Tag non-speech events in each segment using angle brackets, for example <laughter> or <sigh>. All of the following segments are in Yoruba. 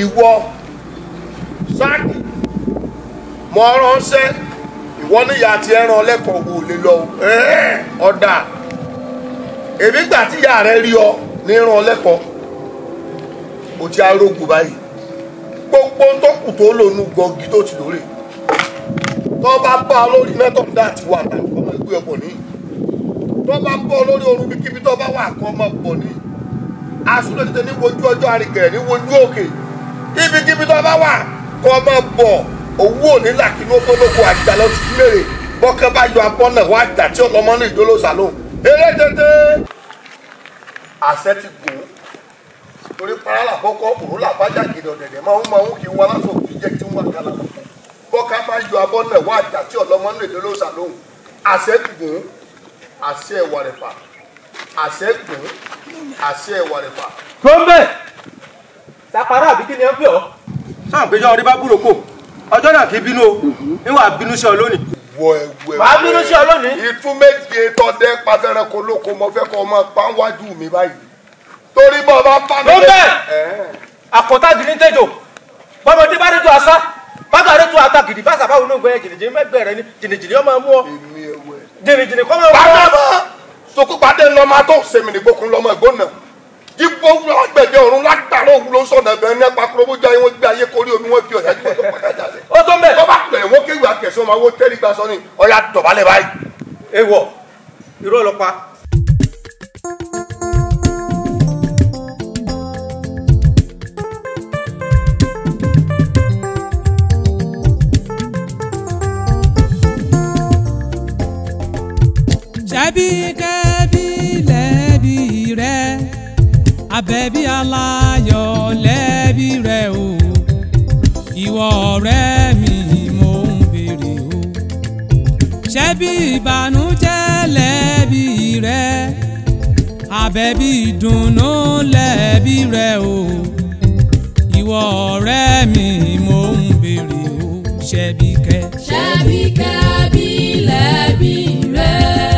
ìwọ sáàkì mọ ránṣẹ́ ìwọ níyà àti ẹran lẹ́kọ̀ọ́ wò lè lọ ọ̀dà èmi gbà tí ìyá rẹ rí ọ ní ràn lẹ́kọ̀ọ́ o ti arógun báyìí gbogbo tó kù tó lònú gọgí tó ti lórí tó bá bá a lórí mẹ́tọ̀ dá àti wà tàbí ọmọ ẹgbẹ́ ọ̀pọ̀ ní tó bá bọ́ lórí orun bí kíbi tó bá wà kọ́ ọmọ ọ̀pọ̀ ní asúlẹ̀ tètè ní wojú ọjọ́ àrìkẹ̀rẹ̀ ní wojú òkè. Okay ibikíbi tó bá wà kó o máa bọ̀ owó òní làkínú gbólógbò àjà lọ sí mèrè bọ́kẹ́ bá yọ abọ́ wá àjà tí ọlọmọ ní ìdóló sàlóò eré tètè àṣẹ ti gùn torí para làkọ́kọ́ òun làbájá gidi ọ̀dẹ̀dẹ̀ máa ń máa ń kí wọn aláṣọ kì í jẹ́ kí wọ́n àgàlà bọ́kẹ́ bá yọ abọ́ wá àjà tí ọlọmọ ní ìdóló sàlóò àṣẹ gùn àṣẹ ìwà rẹ̀ fà àṣẹ gùn àṣẹ ìwà rẹ̀ fà. tó tapara àbí kí ni ẹ ń pè ọ́. sáà péjọ orí bá gbúròkó ọjọ́ náà kì í bínú o níwà bínú sí ọ lónìí. wọ ẹwẹ wàá bínú sí ọ lónìí. ìtún méje tọdẹ pàfẹ́rẹ́ kó lóko mọ fẹ́ kọ́ ọmọ pàwájú mi báyìí torí bọ́ bá pa mi. lóńbẹ́ àkọ́tàdì ní tẹ́jọ́ bọ́mọdé bá dẹ́jọ́ asá bágàrẹ́ tó ata gidi bá sàbáwo ló ń gbẹ jìnnìjìnnì mẹ́gbẹ̀rẹ́ ni jìnnìjìnnì ọmọ mú ọ jìnnìjìnnì kọ́ mọ́ ọ. pàdé mọ́ sokopadé lọ́mọ tó sèmìnì gbókun lọ́mọ ìgbóná ipò agbẹ̀dẹ ọ̀run látàrọ òwúlò sọ̀nà bẹ̀rẹ̀ nípa kúròwó jẹ́ wọn gbé ayé kórí omi wọn fi ọ̀yà jù wọn pàkàjà lẹ̀. ó tó mẹ́. bọ́bá pẹ̀ wọ́n kéwì akẹ́sọ́ máa wó tẹ́lí gba sọ ọ̀yà dọ̀bálẹ̀ báyìí. ẹ irú ọlọ́pàá. ṣebí kẹ́. Àbẹ̀bí aláyọ̀ lẹ́bí rẹ o ìwọ ọ̀rẹ́ mi mò ń béèrè o ṣebí ìbànújẹ́ lẹ́bí rẹ Àbẹ̀bí ìdùnnú lẹ́bí rẹ o ìwọ ọ̀rẹ́ mi mò ń béèrè o ṣebí kẹ́. ṣebí kẹ́ bí lẹ́bí rẹ.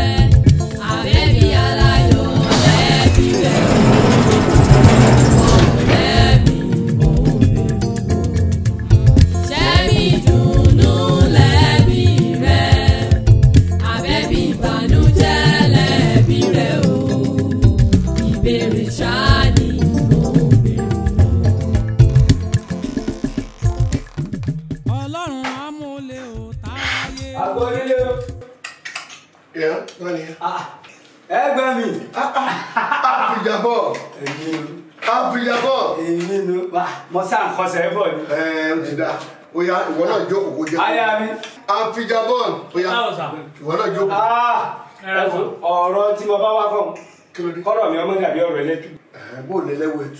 ọ̀sẹ̀ bọ̀ o ya ìwọ náà jókòó kó jẹ. mi. o ya náà jókòó. Ah, ọ̀rọ̀ tí mo bá wá fọ́ kọ́rọ̀ mi ọmọ dàbí ọ̀rọ̀ ẹlẹ́tù. Eh, bó lẹ́lẹ́wọ̀ ẹ̀tù.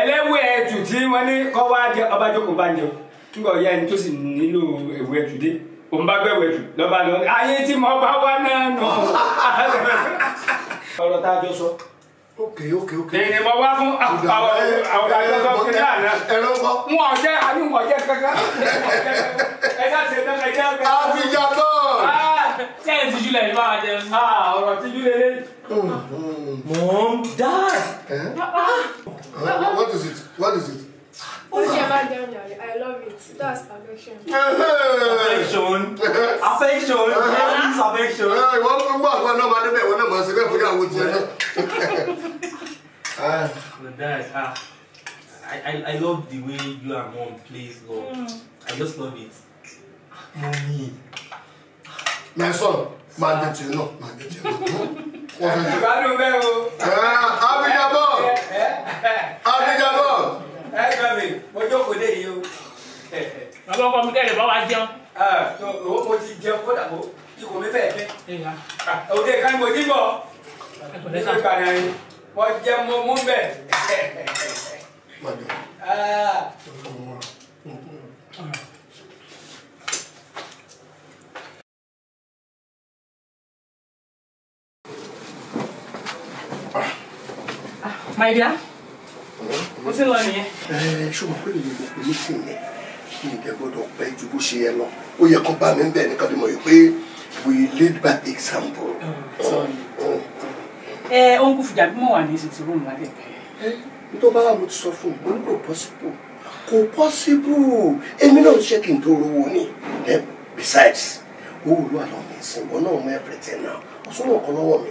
ẹlẹ́wọ̀ ẹ̀tù tí wọ́n ní kọ́ wá jẹ ọba jókòó bá ẹni tó sì nílò ẹ̀wù ẹ̀tù dé òun bá lọ́ba ayé tí mo bá wá náà nù. <laughs> ọ̀rọ̀ a sọ. ok ok ok. èyí mo wá fún àwọn àwọn àjọṣọ kiri àná. ẹ̀rọ kọ́. n ò jẹ́ àbí n ò jẹ́ kankan. ẹ ká ṣe tán ẹ jẹ́ kankan. àfijá bọ́ọ̀lù. ṣé ẹ ti júlẹ̀ ìbá wa jẹ? Ah, ọ̀rọ̀ ti júlẹ̀ lé. Mom, Dad. Eh? What is it? What is it? I love it. That's affection. Affection. Affection. Affection. Wọ́n ń gbọ́ àgbọ̀n náà máa débẹ̀ wọ́n náà máa ṣe bẹ́ẹ̀ fún ìyàwó tiẹ̀ náà. Dad, ah, I, I, I love the way you and mom plays love. Mm. I just love it. Mommy. My son, my dad, you know, my dad, you know. Ìbádùn bẹ́ẹ̀ o. Abijabọ. Abijabọ. Ẹ gbà mí, mo jókòó dé yìí o. Eh, eh. Ọlọ́kọ mi kẹ́lẹ̀ bá wa jẹun. Ah, Owó mo ti jẹun kódà kó ikùn mi fẹ́ẹ̀ fẹ́. Ah, òde kan ni mo jí bọ̀ nínú ìbàdàn yìí wọ́n jẹ́ mọ́ mú bẹ́ẹ̀. My dear, mo ti lọ nìyẹn. Ẹ ṣùgbọ́n pé mi ò pè é sí mi, mi ò dẹ̀ gbọ́dọ̀ pẹ́ ju bó ṣe yẹ lọ. Ó yẹ kó bá mi we lead by example. Oh, sorry. Oh, oh ẹ ọ̀nkù fìjà bí mo wà ní ìsìn tí rúùmù láti ẹ̀kẹ́. n tó bá wà mo ti sọ fún un kò pọ́sibú kò pọ́sibú èmi náà ṣe kí n tó rówó ni besides owó ìlú àlọ́ mi ìsìn wọn náà mọ everything now ọ̀sùn náà kọ́ lọ́wọ́ mi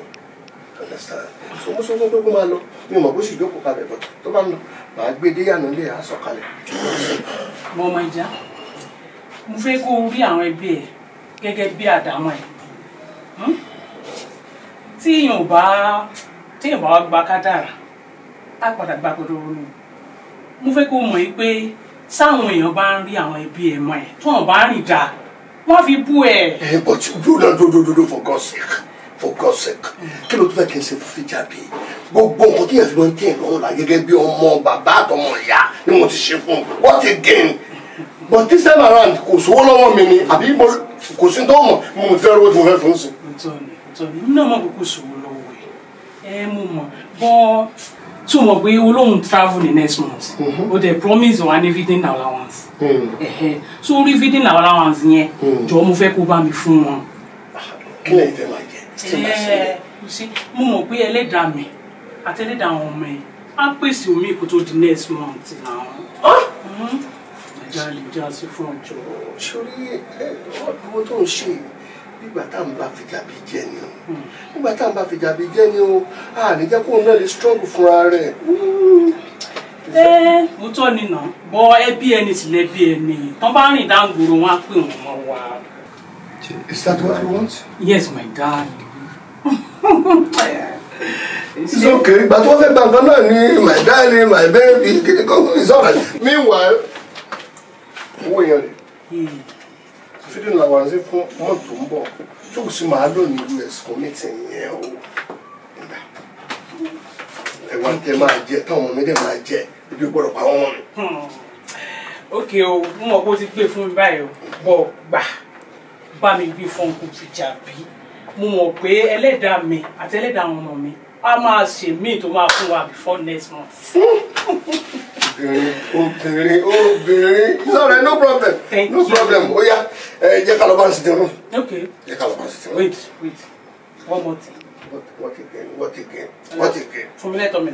understand so mo sọ fún pé kó máa lọ mi ò mọ̀ bó sì jókòó kalẹ̀ bọ̀ tó bá ń lọ màá gbé dé yànnà ilé àásọ̀ kalẹ̀. mo mọ ìjà mo fẹ́ kó o rí àwọn ẹbí ẹ gẹ́gẹ́ bí àdámọ́ ẹ. Hmm? tí èèyàn ò bá tí èèyàn bá wá gba kádàrà á padà gba kodoro ni mo fẹ́ kó mọ̀ yìí pé sáwọn èèyàn bá ń rí àwọn ẹbí ẹ̀ mọ́ ẹ̀ tó wọn bá rìn dá wọ́n fi bú ẹ̀. ẹ but you na do do do do for God sake for God sake kí ló tún fẹ́ kí n ṣe fún fìjàbí gbogbo nǹkan tí yẹn fi máa ń tẹ̀ lọ́wọ́ la gẹ́gẹ́ bí ọmọ bàbá àtọmọ ìyá ni mo ti ṣe fún what again but this time around kò sówó lọ́wọ́ mi ni àbí kò sí tó mọ̀ mo fẹ́ rówó tí mo fẹ́ fún un sí tọ́jú náà mọ̀ kókó sòwò lọ́wọ́ ẹ̀ ẹ̀ mo mọ̀ bọ́ tó mọ̀ pé olóhùn travel the next month o mhm. dey promise wa ní feeding allowance so orí feeding allowance yẹn hmm. jọ mo fẹ́ kó bá mi fún wọn. kí lè fẹ́ máa jẹ tí màá ṣe é. mo mọ̀ pé ẹlẹ́dàá mi àti ẹlẹ́dàá àwọn ọmọ yẹn á pèsè omi kó tó di next month làwọn. ajá lè já sí fún ọjọ́. sori ẹ ọdún tó ń ṣe nígbà táwọn bá fìjà bí jẹ ni o hmm. nígbà táwọn bá fìjà bí jẹ ni o a ní jẹ́ kóun náà lè strong fúnra rẹ̀. Hmm. Eh, mo tọ́ ni nà bọ ẹbí ẹni sílẹ̀ bí ẹni tán bá rìn dáńgòrò wọn á pè wọn mọ wa. Is that what you want? Yes, my darling. It's okay ìgbà tí wọ́n fẹ́ gba nǹkan náà ni my darling my baby kìnìkan it's all right meanwhile owó yẹn rẹ̀ student allowance fún mọ́ọ̀n tó ń bọ̀ tó o sì máa lò ní us fún meeting yẹn o ẹ̀wà ń tẹ máa jẹ táwọn ọmọdé máa jẹ ibi gbọ́dọ̀ pa wọ́n mi. ok o oh, mo mọ̀ pé o ti gbé fún mi báyìí o oh. bọ̀ gbà bá mi gbé fún un kò sì jà bí mo mọ̀ pé ẹlẹ́dàá mi àti ẹlẹ́dàá a máa ṣe míì tó máa fún wa before next month. obìnrin obìnrin obìnrin no problem no problem ó yá ẹ jẹ́ ká lọ bá ń sitting room. okay jẹ́ ká lọ bá ń wait wait one more thing. what what again what again what again. fún mi lẹ́tọ̀ mi.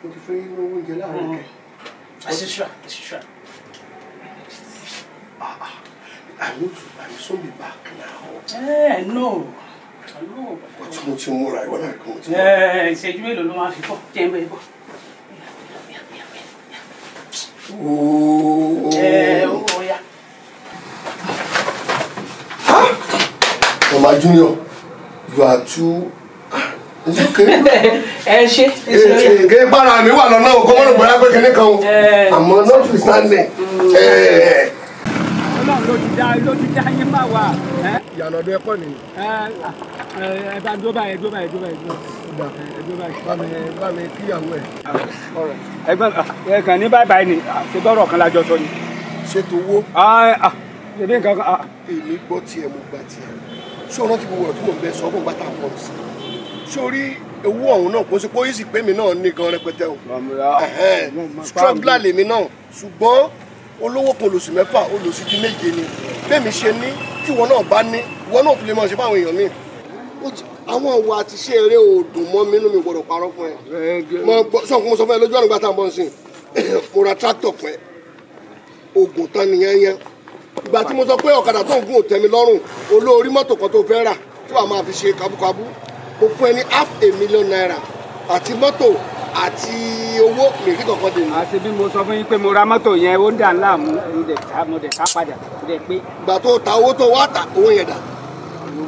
mo ti fẹ́ yín lówó oúnjẹ láàárọ̀ mm. kẹ. àṣìṣà àṣìṣà. I need I need to be back now. Eh, no ó tí mo ti múra ìwọ náà kí mo ti múra. ìṣẹ́jú mélòó ló máa fi bọ̀ jẹ́ ń bẹ̀ bọ̀. are too ah, <laughs> ẹ ṣe ẹ ṣe ké bára mi wà lọ́nà òkú mọ́nà bóyá pé kíní kan àmọ́ nọ́ọ̀tù mm. sànni ìyànà ọdún ẹkọ nìyí. ẹ bá dúró báyìí dúró báyìí dúró báyìí dúró báyìí. bá mi kíyàwó ẹ. ẹ̀gbọ́n ẹ kàn ní báyìí báyìí ni ṣe gbọ́dọ̀ kan lájọ sọ ni. ṣètò owó. ẹbí nǹkan kan. èmi gbọ́ tiẹ̀ mo gbà tiẹ̀ ṣé o rántí gbogbo ọ̀rọ̀ tí mò ń bẹ sọ fún bàtà pọ̀ sí sórí owó ọ̀hún náà kò sí pé ó yìí sì pé mi náà ní gan rẹpẹtẹ o struggler lèmi náà ṣùgbọ́n olówó kan olòṣì mẹ́fà olòṣì di méje ni bẹ́ẹ̀mi ṣe ní tíwọ náà bá ní ìwọ náà fi lè máa ṣe fáwọn èèyàn míì àwọn òwò àti iṣẹ́ eré ò dùn mọ́ mi inú mi gbọ́dọ̀ parọ́ fún ẹ mo gbọ́ sọ̀kún mo sọ fún ẹ lójú ọ̀nà gbàtà bọ́ sí mo ra tractor fún ẹ oògùn tán nìyẹn yẹn ìgbà tí mo sọ pé ọ̀kadà tó ń gùn ò tẹ́ mi lọ́rùn olórí mọ́tò kan tó fẹ́ rà tí wàá máa fi ṣe kábúkábú mo fún ẹ ní half a million naira àti mọ́tò àti owó mèrí kankan dè mí. àti bí mo sọ fún yín pé mo ra mọ́tò yẹn ó ń dà ńlá mú mo dẹ̀ ta mo dẹ̀ ta padà mo dẹ̀ pé. ìgbà tó ta owó tó wá ta owó yẹn dà.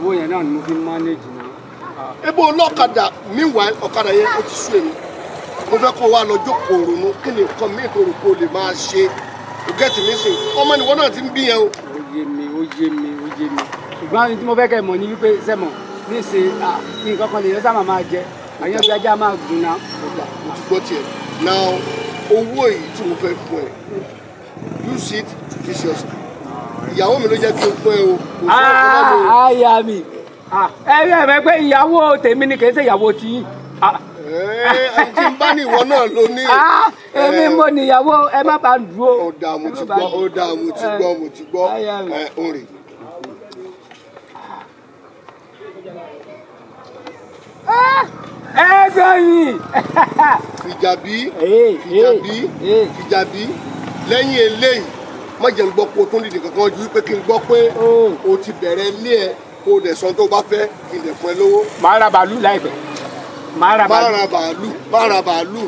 owó yẹn náà ni mo fi mánéjì náà. Ah. ebo ọlọ́kadà meanwhile ọ̀kadà yẹn ó ti sú èmi mo fẹ́ kó wa lọ jókòó ronú kí ni nǹkan mi ìkorò kó lè máa ṣe o gẹ́tì mi sìn ọmọ nìwọ náà ti ń bí yẹn o. ó yé mi ó yé mi ó yé mi ṣùgbọ́n tí mo fẹ́ kẹ́ mọ̀ ní wípé sẹ́mọ̀ ní ìsìn nǹkan kan lè yẹ sáà máa máa jẹ àyànfẹ́ ajá máa gùn náà. ọgbà mo ti gbọ́ tiẹ̀ now owó èyí tí mo fẹ́ fún ẹ use it viciously ìyàwó mi ló jẹ́ kí n pẹ́ o. àyà ah, ah, mi ah, ẹ rí ẹ̀rẹ́ pé ìyàwó tèmi ni kì í ṣe ìyàwó tiyín eh, ẹni tí ń bá ní ìwọ náà ló ní. Eh. èmi mo níyàwó ẹ má bàa dúró. ó dáa mo ti gbọ́ ó dáa mo ti eh. gbọ́ mo ti gbọ́ orin. Ah! ẹgbẹ̀yìn. fìjàbí fìjàbí fìjàbí lẹ́yìn eléyìí má jẹ́ n gbọ́ pé o tún dìde kankan ju pé kí n gbọ́ pé oh. o ti bẹ̀rẹ̀ ilé ẹ̀ kó o dẹ̀ sọ tó o bá fẹ́ kí n dẹ̀ fún ẹ lówó. màá ra bàálù láìpẹ́ màá ra bàálù. màá ra bàálù màá ra bàálù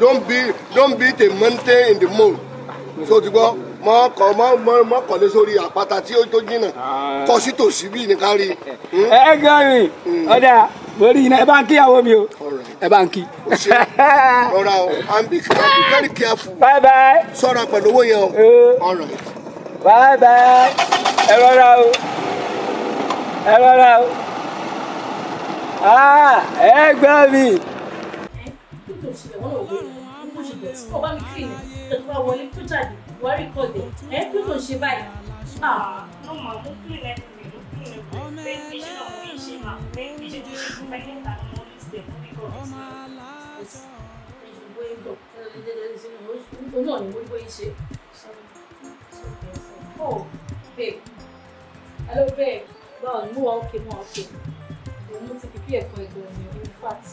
don't be don't be the mountain in the mole. so ti gbọ́ mọ kọ mọ mọ mọ kọlé sórí àpáta tí ó tó jìnnà ah. kọ sí tòsí bí nìkan rí. ẹ ẹ mi ọ̀dà orí iná ẹ bá ń kíyàwó mi o ẹ bá ń kí. ọ̀rọ̀ o i'm be very careful. bye bye. sọ̀rọ̀ pẹ̀lú owó yẹn o. bye bye. ẹ rọra o ẹ rọra o ẹ gbọ́ mi. ọba mi kì í tẹ̀síwá wọlé tó jáde wọ́n rí kọ́ dẹ̀ ẹ kí ló ń ṣe báyìí. Ah, ọmọ mo kí ni ẹ ti rí mo kí ni ẹ ti rí ṣé náà now. Then you should do no, what do you Hello, babe. Well, you okay, more okay. In fact,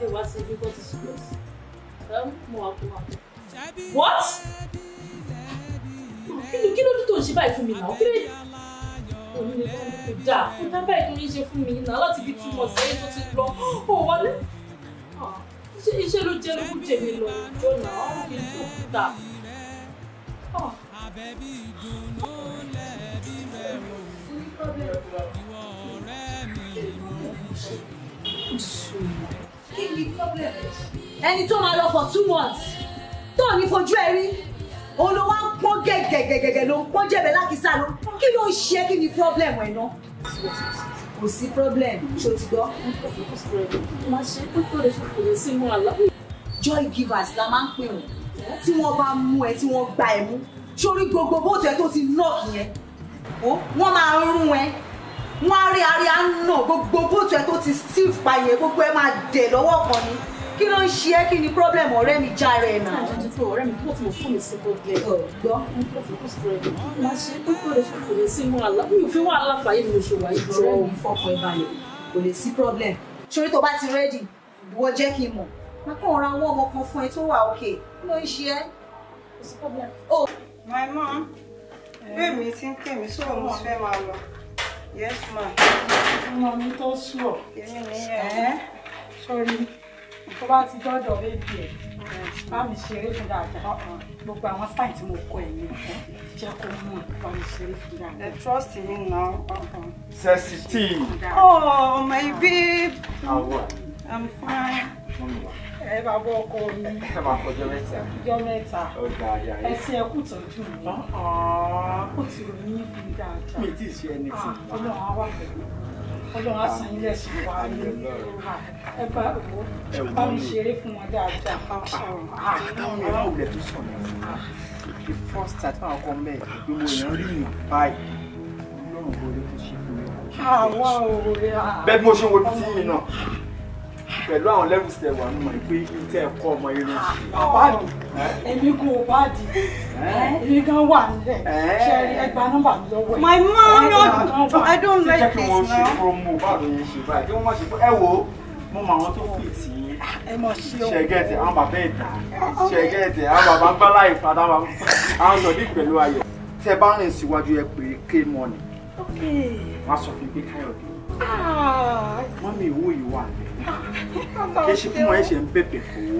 the was if you go Um, more okay, What? Kí ló dé tó ń ṣe báyìí fún mi òun lè kó dà kó dábàá fún mi náà láti fi túmọ̀ sẹ́yìn tó ti lọ ó wọlé ah, iṣẹ́ ló jẹ́ lókùn jèmi lọ ìjọ náà ah, ó kì tó ah. kú ẹni tó máa lọ for two months tó ò ní fojú ẹ rí òun ló wá ń pọ́n gẹ̀gẹ̀gẹ̀gẹ̀ ló ń pọ́n jẹ̀bẹ̀ lákìsà ló kí ló ń ṣe kí ni problem ẹ̀ náà kò sí problem ṣó ti gbọ́. máa ṣe pípọ̀ rẹ̀ fún kò lè sí inú àlá. joy givers la máa ń pè wọ́n tí wọ́n bá mú ẹ tí wọ́n gba ẹ mú sórí gbogbo bóòtù ẹ tó ti nọ́ọ̀kì yẹn wọ́n máa rún ẹ wọ́n á rí arí á nà gbogbo bóòtù ẹ tó ti steve payẹ gbogbo ẹ máa dẹ̀ lọ́wọ́ kan ni kí ló ń ṣe ẹ́ kí ni problem ọ̀rẹ́ mi já rẹ̀ náà. àjọjù tó ọ̀rẹ́ mi tó ti fún mi sí kó gẹ̀ gbọ́ mo tó fi kó sí rẹ̀ mi. ṣe pé kó lè kò lè sí wàhálà mi ò fi wàhálà fàyè mi ò ṣe wàyí ọ̀rẹ́ mi fọkàn ìbàlẹ̀ kò lè sí problem. ṣorí tó bá ti rẹ́dì ìwọ jẹ́ kí n mọ̀ má kàn ra owó ọmọ kan fún ẹ tó wà òkè kí ló ń ṣe ẹ́. kò sí problem. oh my mom bẹ́ẹ̀ mi ti ń pè yes ma tó bá ti dọ́dọ̀ bébí ẹ̀ bá mi ṣeré fún dáadáa gbogbo àwọn sáì tí mo kọ ẹ̀yìn jẹ́ kó mú un bá mi ṣeré fún dáadáa. ẹ trust me now. sensitive. oh my babe. how i'm fine. ẹ bá bọ́ ọkọ mi. ẹ máa kọjọ mẹ́ta. ọjọ́ mẹ́ta. ọjà àyà yẹn. ẹsẹ̀ ẹkú tọ́jú mi. ó ti rò ní ìfún dáadáa. mi ti ṣe ẹni tí. Ah, ọlọ́run wà pẹ̀lú ọlọ́run á san yín lẹ́sìn wá ní ẹ bá wò ó bá mi ṣeré fún wọn dáadáa. àwọn ará òwúlẹ̀ tó sọ̀ ní the first time àwọn ọkọ mẹ́ẹ̀ pé mo yàn rí mi báyìí ọlọ́run kò lè tó ṣe fún mi. àwa ò rẹ̀ bẹ́ẹ̀ bí mo ṣe wo tí náà pẹ̀lú àwọn lẹ́rù sẹ̀ wà nù pé tẹ́ ẹ ọmọ irun. báàdì èmi kò báàdì èmi gan wà nílẹ̀ ṣe ẹgbàá nọ́mbà mi lọ́wọ́ ẹ̀. my mom no i don't like this now. ṣé jẹ́ kí wọ́n ṣe promo báwo yẹn ṣe báyìí kí wọ́n má ṣe ẹ wò mo mọ àwọn tó fi tì í ṣẹgẹtì àwọn bàbá ìta ṣẹgẹtì àwọn bàbá gbálá ìfadà àwọn sọdí pẹ̀lú ayọ̀ tẹ́ bá rìn síwájú ẹ pé K-Money wọn sọ fún pé Káyọ̀dé mọ́mí owó wà lẹ́ kì í ṣe fún wọn ẹ ṣe ń bẹ̀bẹ̀ fowó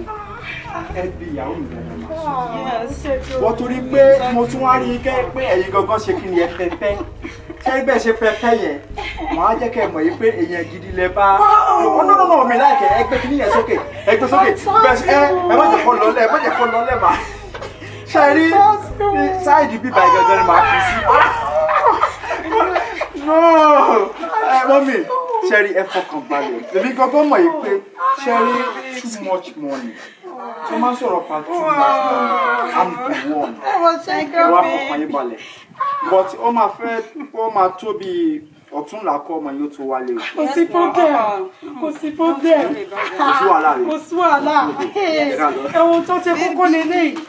ẹ bí ìyàwó mi lọ́wọ́ máa sọ wọ́n torí pé mo tún wá rí i kẹ́ pé ẹ̀yin gangan ṣe kí ni ẹ pẹpẹ ṣé bẹ́ẹ̀ ṣe pẹpẹ yẹn wọ́n á jẹ́ kẹ́ mọ̀ yìí pé èèyàn gidi lẹ bá wọ́n nọ́nà náà mi láìkẹ́ ẹ gbé kíní yẹn sókè ẹ gbé sókè ẹ ẹ má jẹ́ kó lọ́lẹ̀ ẹ má jẹ́ kó lọ́lẹ̀ mà ṣe rí sáìdì bíbá ìgangan ni màá fi sí. <laughs> Ah! no ẹ Cherry, effort fọkàn balẹ̀ èmi gangan mọ̀ yìí pé cherry too much money tó máa sọ̀rọ̀ pa too much money i'm the one ẹ wá fọkàn yín balẹ̀ but ó máa fẹ́ ó máa tó bíi ọ̀tún làkọ́ ọmọ yóò tó wálé o. kò sí problem kò sí problem kò sí wàhálà rẹ kò sí wàhálà ẹ̀wọ̀n tó ṣe kókó lélẹ́yìí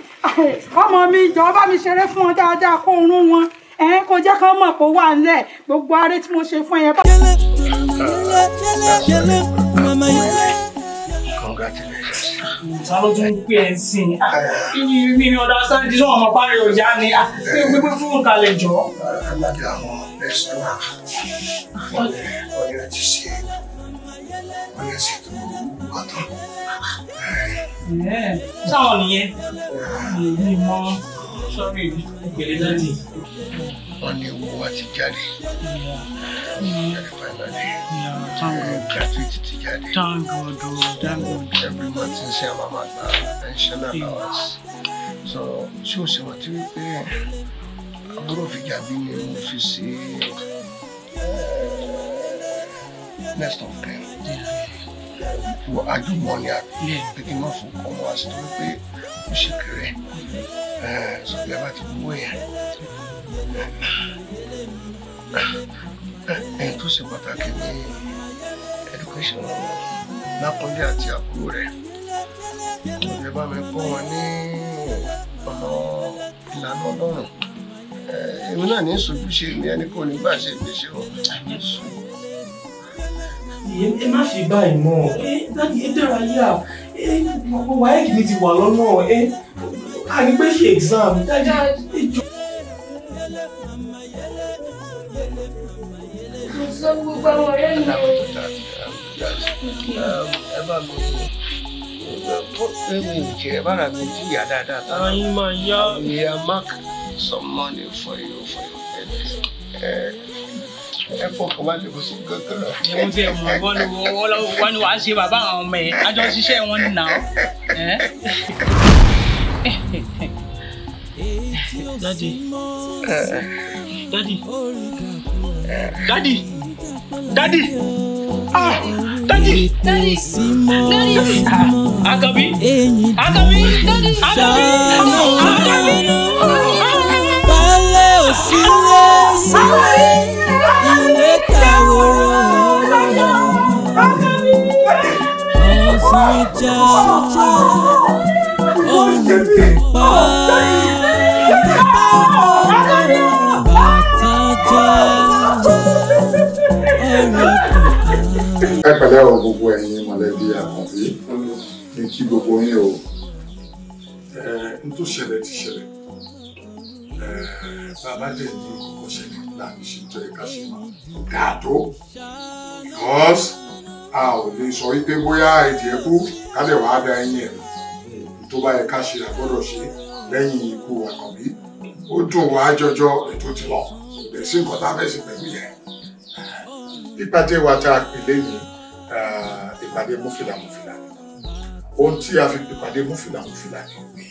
ọmọ mi jọ̀ọ́ bá mi ṣeré fún ọ dáadáa kó oorun wọn ẹ kò jẹ́ kán mọ̀ kó wà nílẹ̀ gbogbo aré tí mo ṣe fún ẹ. congratulations. ta ló tún pé ẹ sìn ibi mi ni ọ̀dà sáńdì náà ọmọ parí ọjà ni pípé ah, fún ìkàlẹ̀ jọ. alága àwọn pẹ̀sọ́nà wọ́n yẹ ti ṣe wọ́n yẹ ti tó wọ́n tán. sáwọn nìyẹn mi mọ sọ́rí ìpele dáàdì wọn ní owó wa ti jáde graduate ti jáde every month n ṣe àwọn máa pension allowance so ṣé o ṣe wọ́n ti wípé àbúrò fìjà bí ni mo fi ṣe eh, next of kin àjùmọ̀ ni àbí pé kí n má fún ọmọ wa sí wípé ó ṣe kéré ṣùgbọ́n eh, bá ti gbowó yẹn ẹni tó ṣe pàtàkì ní education lákúnlé àti àbúrò rẹ̀ ìjọba bá mi kọ́ wọn ní ọ̀nà ìlànà ọlọ́run èmi náà ní ṣojú ṣe ní ẹni kò ní gbà ṣe ìgbésẹ̀ wọn. ẹ má fi báyìí mọ́ ẹ dára yá gbogbo wáyé kìíní ti wà lọ́nà ẹ àní pé ṣe exam dájú ìjọ. some money for you for your parents. ẹ fọkàn bá lè bó ṣe kankan. mo ti mọ wọn ni wọn ni wàá ṣe bàbá àwọn ọmọ yẹn àjọ ṣiṣẹ́ wọn Daddy. Daddy. Daddy. Daddy, ah daddy, daddy, dadi akabi akabi daddy, akabi akabi balẹ̀ òsínlẹ̀ sílẹ̀ ilé kàwòrán ọ̀sán já ọ̀hún pa. pẹ̀lẹ́ pẹ̀lẹ́ o gbogbo ẹ̀yin mọ̀lẹ́bí àkànbí ní kí gbogbo yín o. n tó ṣẹlẹ̀ ti ṣẹlẹ̀ bàbá dẹ̀ ní kọ́kọ́ ṣẹlẹ̀ láti ṣe jẹ́ ká ṣe máa dáa tó because a ò lè sọ wípé bóyá ètò ẹ̀ kú ká lè wàá da ẹyin ẹ̀ tó bá yẹ ká ṣe àgbọ́dọ̀ ṣe lẹ́yìn ikú àkànbí ó dùn wá jọjọ ètò ti lọ kò nǹkan tá a fẹ́ ṣe pẹ̀lú yẹn pípàdé wa tá a pè lẹ́yìn ìpàdé mufila mufila ohun tí a fi ìpàdé mufila mufila ni pé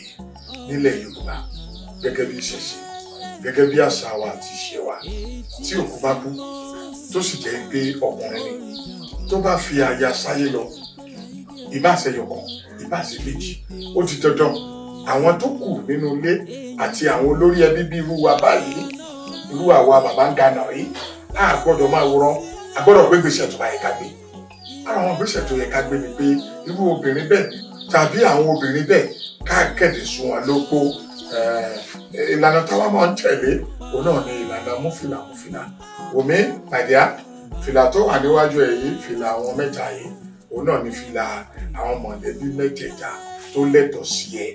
nílẹ̀ yorùbá gẹ́gẹ́ bí ìṣẹ̀ṣe gẹ́gẹ́ bí àṣà wa àti ìṣe wa tí òkú bá kú tó sì jẹ́ pé ọkùnrin ni tó bá fi aya sáyé lọ ìbáṣe yọkan ìbáṣe méjì ó ti dandan àwọn tó kù nínú ilé àti àwọn olórí ẹbí bí irú wa báyìí irú àwa bàbá ń ga yìí a gbọ́dọ̀ máa wòran a gbọ́dọ̀ gbégbèsè tó bá ká gbé ara àwọn ìgbésẹ̀ tó yẹ ká gbé ni pé irú obìnrin bẹ́ẹ̀ tàbí àwọn obìnrin bẹ́ẹ̀ ká kẹ̀dẹ̀ sùn wọn lóko eh, ìlànà táwa máa ń tẹ̀lé òun náà ni ìlànà múfìlà múfìlà omi nàìjíríà fìlà tó wà níwájú ẹ yìí fìlà àwọn mẹ́ta yìí òun náà ni fìlà àwọn mọ̀lẹ́bí mẹ́tẹ̀ẹ̀ta tó lẹ́tọ̀ọ́ sí ẹ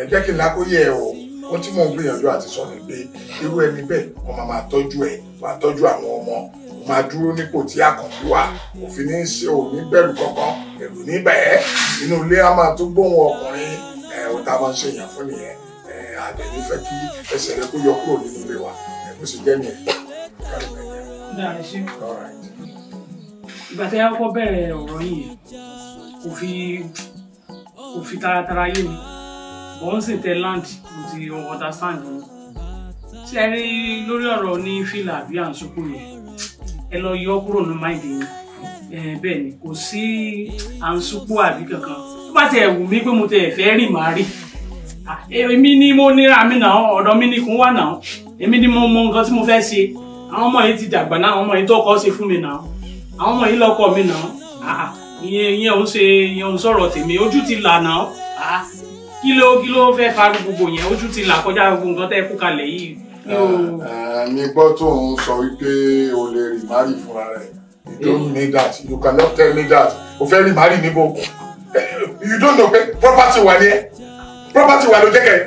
ẹ jẹ́ kí n lákòóyè ẹ o wọ́n tí mò ń gbìyànjú àti sọ ni pé irú ẹni bẹ́ẹ̀ wọ́n máa máa tọ́jú ẹ wàá tọ́jú àwọn ọmọ máa dúró nípò tí àkànbí wà òfin ní í ṣe òní bẹ̀rù kankan ẹ̀rù níbẹ̀ inú ilé a máa tún gbóhùn ọkùnrin ẹ̀ ó máa ń ṣe èèyàn fún nìyẹn ẹ̀ àdẹ̀ní fẹ́ kí ẹsẹ̀ rẹ kó yọ kúrò nínú ilé wa ẹ̀ kó sì jẹ́ nìyẹn. ìgbà tí a kọ́kọ́ bẹ̀rẹ̀ ọ̀rọ̀ yìí kò fi kò fi taratara yé mi òun sì tẹ land mo ti understand ṣe rí lórí ọ̀rọ̀ ní fìlà bí à ń sọkún yẹn ẹ lọ yọ kúrò ní máìdì yín bẹ́ẹ̀ ni kò sí à ń súpó àbí kankan tó bá tẹ̀ wù mí pé mo tẹ̀ fẹ́ rì màá rì èmi ni mo níra mi nà ọ̀dọ̀ mi ni kò wà nà èmi ni mo mọ nǹkan tí mo fẹ́ ṣe àwọn ọmọ yìí ti dàgbà náà àwọn ọmọ yìí tọkọ ṣe fún mi nà àwọn ọmọ yìí lọkọ mi nà ìyẹn ìyẹn òun ṣe ìyẹn òun sọ̀rọ̀ tèmi ojú ti là nà kí ló kí ló fẹ́ fa yẹn ojú ti là kọjá gbogbo nǹkan tẹ́ kú kalẹ̀ yìí Hmm. mi gbọ́ tó ń sọ wípé o lè rì márì fúnra rẹ̀ you don't hmm. need that you cannot tell me that o fẹ́ rì márì níbo you don't know pé property wà ní ẹ property wà ló jẹ́ kẹ́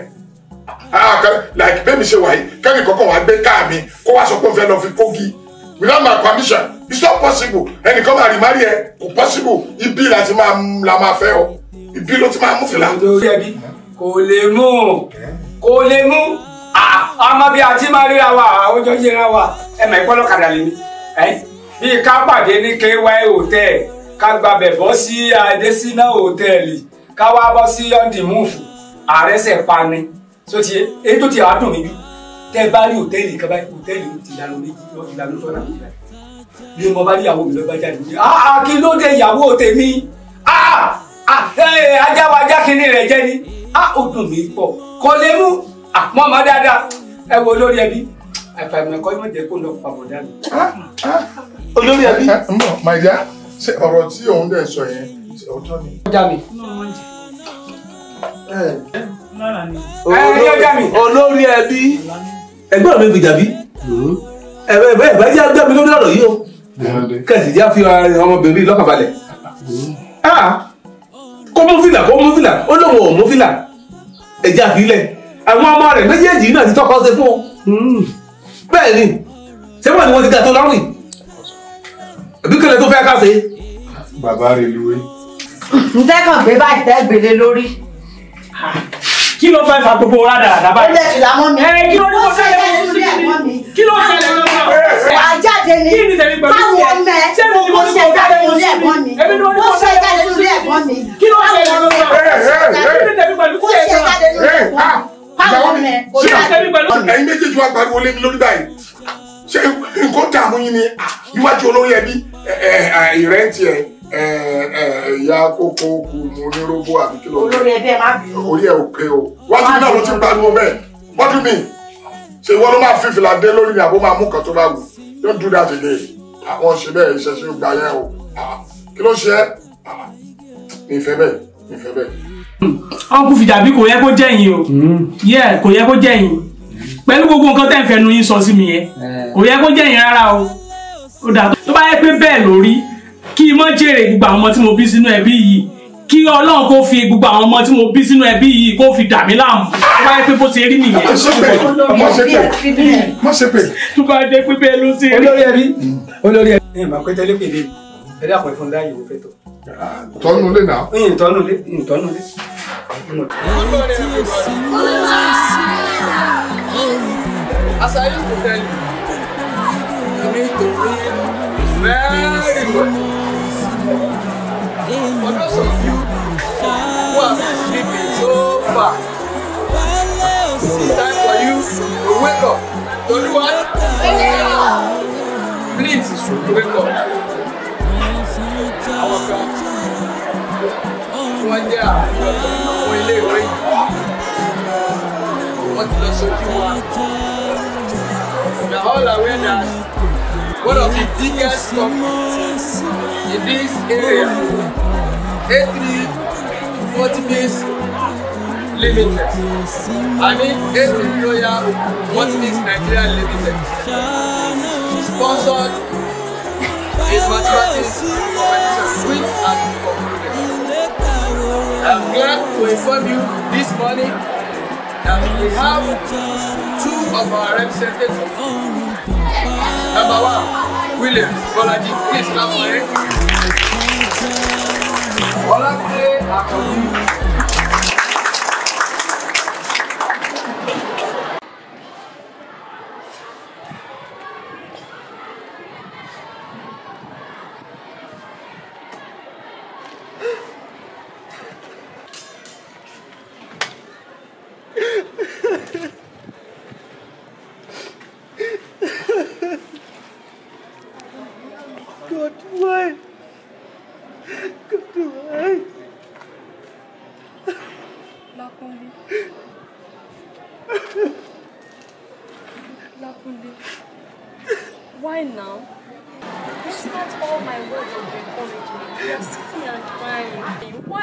ah, like bẹ́ẹ̀ mi ṣe wà yìí kẹ́mi kọ́kọ́ wà gbé káà mi kó wá sọ pé o fẹ́ lọ fi kógi without my permission it's not possible ẹnìkan máa rì márì ẹ kò possible ibi la ti máa fẹ́ ọ ibi ló ti máa mú fìlà. kò lè mú kò lè mú ọmọ bíi àti máa ríra wa àwùjọ yíra wa ẹ mọ̀ ìpọ́nlọ́ kàdà lèmi bíi ká pàdé ní ky hotel ká gbàbẹ̀ bọ́ sí adésínà hòtẹ́ẹ̀lì ká wá bọ́ sí yọ̀ǹdì múùfù àrẹ́sẹ̀ pani tó ti èyí tó ti àádùn níbí tẹ́ bá rí hòtẹ́ẹ̀lì kan báyìí hòtẹ́ẹ̀lì ti ìlànà méjì ìlànà tó náà nígbà ní mo bá rí ìyàwó mi lọ́gbà jáde ní ah, ah kí ló dé ìyàwó tèmi ah ah, ah eh, ajá wa ajá kínní rẹ̀ jẹ́ ni ah ó dùn mí pọ̀ kọ́ lé mú àpọ́n ah, ọmọ dáadáa ẹ wo olórí ẹbí àfàìmọ̀ ẹ̀kọ́ yóò jẹ́ kó lọ pàbọ̀ dànù. Ah, ah. olórí ẹbí. mbọ maija ṣe ọ̀rọ̀ tí òun dẹ̀ sọ yẹn ọjọ́ ni. ọjà mi. Eh. Eh, olórí ẹbí ẹgbẹ́ mi gbìjà bí ẹ̀bẹ̀ hmm. ẹ̀bẹ̀ ẹ̀bẹ̀ yá gbẹ́mi lórí ọ̀rọ̀ yìí o kẹ̀sì já fi ọmọbìnrin lọ́kàn balẹ̀ hmm. kó mú fìlà kó mú fìlà ó lóun ò mú fìlà ẹ̀já fi lẹ̀ àwọn ọmọ rẹ̀ méjèèjì náà ti tọkọ ṣe fún un hmm. bẹ́ẹ̀ ni ṣé wọ́n ni wọ́n ti ga tó lọ́rùn àbí kílẹ̀ tó fẹ́ ká ṣe. bàbá rẹ̀ lu wé. n tẹ́kàn gbé báyìí tẹ́ gbélé lórí. kí ló fẹ́ fa gbogbo rádaràdà báyìí. ó lè fi làmọ́ mi. ẹ kí ló ló fẹ́ lè fún sí mi kí ló fẹ́ lè lọ́wọ́. wàá jáde ni báwo mẹ́ ó ṣe jáde lórí ẹ̀gbọ́n mi ó ṣe jáde lórí ẹ̀gbọ́n mi. kí ló fẹ́ lè lọ́wọ́. ó ṣe jáde lórí ẹ̀gbọ́n mi ìyàwó mi ṣé ẹ̀yin méjèèjì wá pariwo lé mi lórí báyìí ṣé nǹkan dààmú yín ni níwájú olórí ẹbí ìrẹ́ǹtì ẹ̀ ìyá kókó kù mú onírúurú àbí kí ló ń bẹ olórí ẹbí ẹ má bínú orí ẹ ò pé o wájú náà ló ti ń pariwo bẹ́ẹ̀ what do you mean ṣe ìwọ ló máa fi fìlà dé lórí ni àbó máa mú kan tó bá wù don't do that again àwọn ṣe bẹ́ẹ̀ ìṣẹ̀ṣẹ̀ gbà yẹn o kí ló ṣe é nífẹ̀ẹ́ bẹ́ẹ̀ nífẹ̀ẹ́ bẹ́ẹ̀ ọkùn fìjàbí kò yẹ kó jẹyìn o hmm. yẹ kò yẹ kó jẹyìn pẹ̀lú gbogbo nǹkan tẹ́ ń fẹnu yín sọ sí mi yẹn eh. kò yẹ kó jẹyìn rárá o ó dà tó bá yẹ pé bẹ́ẹ̀ lórí kí n mọ jèrè gbogbo àwọn ọmọ tí mo bí sínú ẹbí yìí kí Ọlọ́run kó fi gbogbo àwọn ọmọ tí mo bí sínú ẹbí yìí kó fi dà mí láàmú tó bá yẹ pé bó ṣe rí nìyẹn. má ṣe pè má ṣe pè. tó bá jẹ́ pé bẹ́ẹ̀ ló ṣe rí. olórí ẹbí olórí ẹbí. ẹ máa pẹ́ tẹ́lẹ̀ pèlè ẹ̀dá àpò ìfúndáyìí ò tọ́nu lé náà. ìyìn tọ́nu lé ìyìn tọ́nu lé. As I used to tell you, you need to read very well. For those of you who have been sleeping so far, it's time for you to wake up. Don't do what? Please, wake up kan tí wọ́n jẹ́ àwọn ọmọ iléèwé yìí wọ́n ti lọ sójú wa. Now all aware that one of the biggest companies in this area, A3 Multibis Limited, I mean A3 Royal Multibis Nigeria Limited, sponsored his mathematics which has been concluded. I'm glad to inform you this morning that we have two of our representatives. Number one, William Bolaji, please come for him. Olakunle Akanji.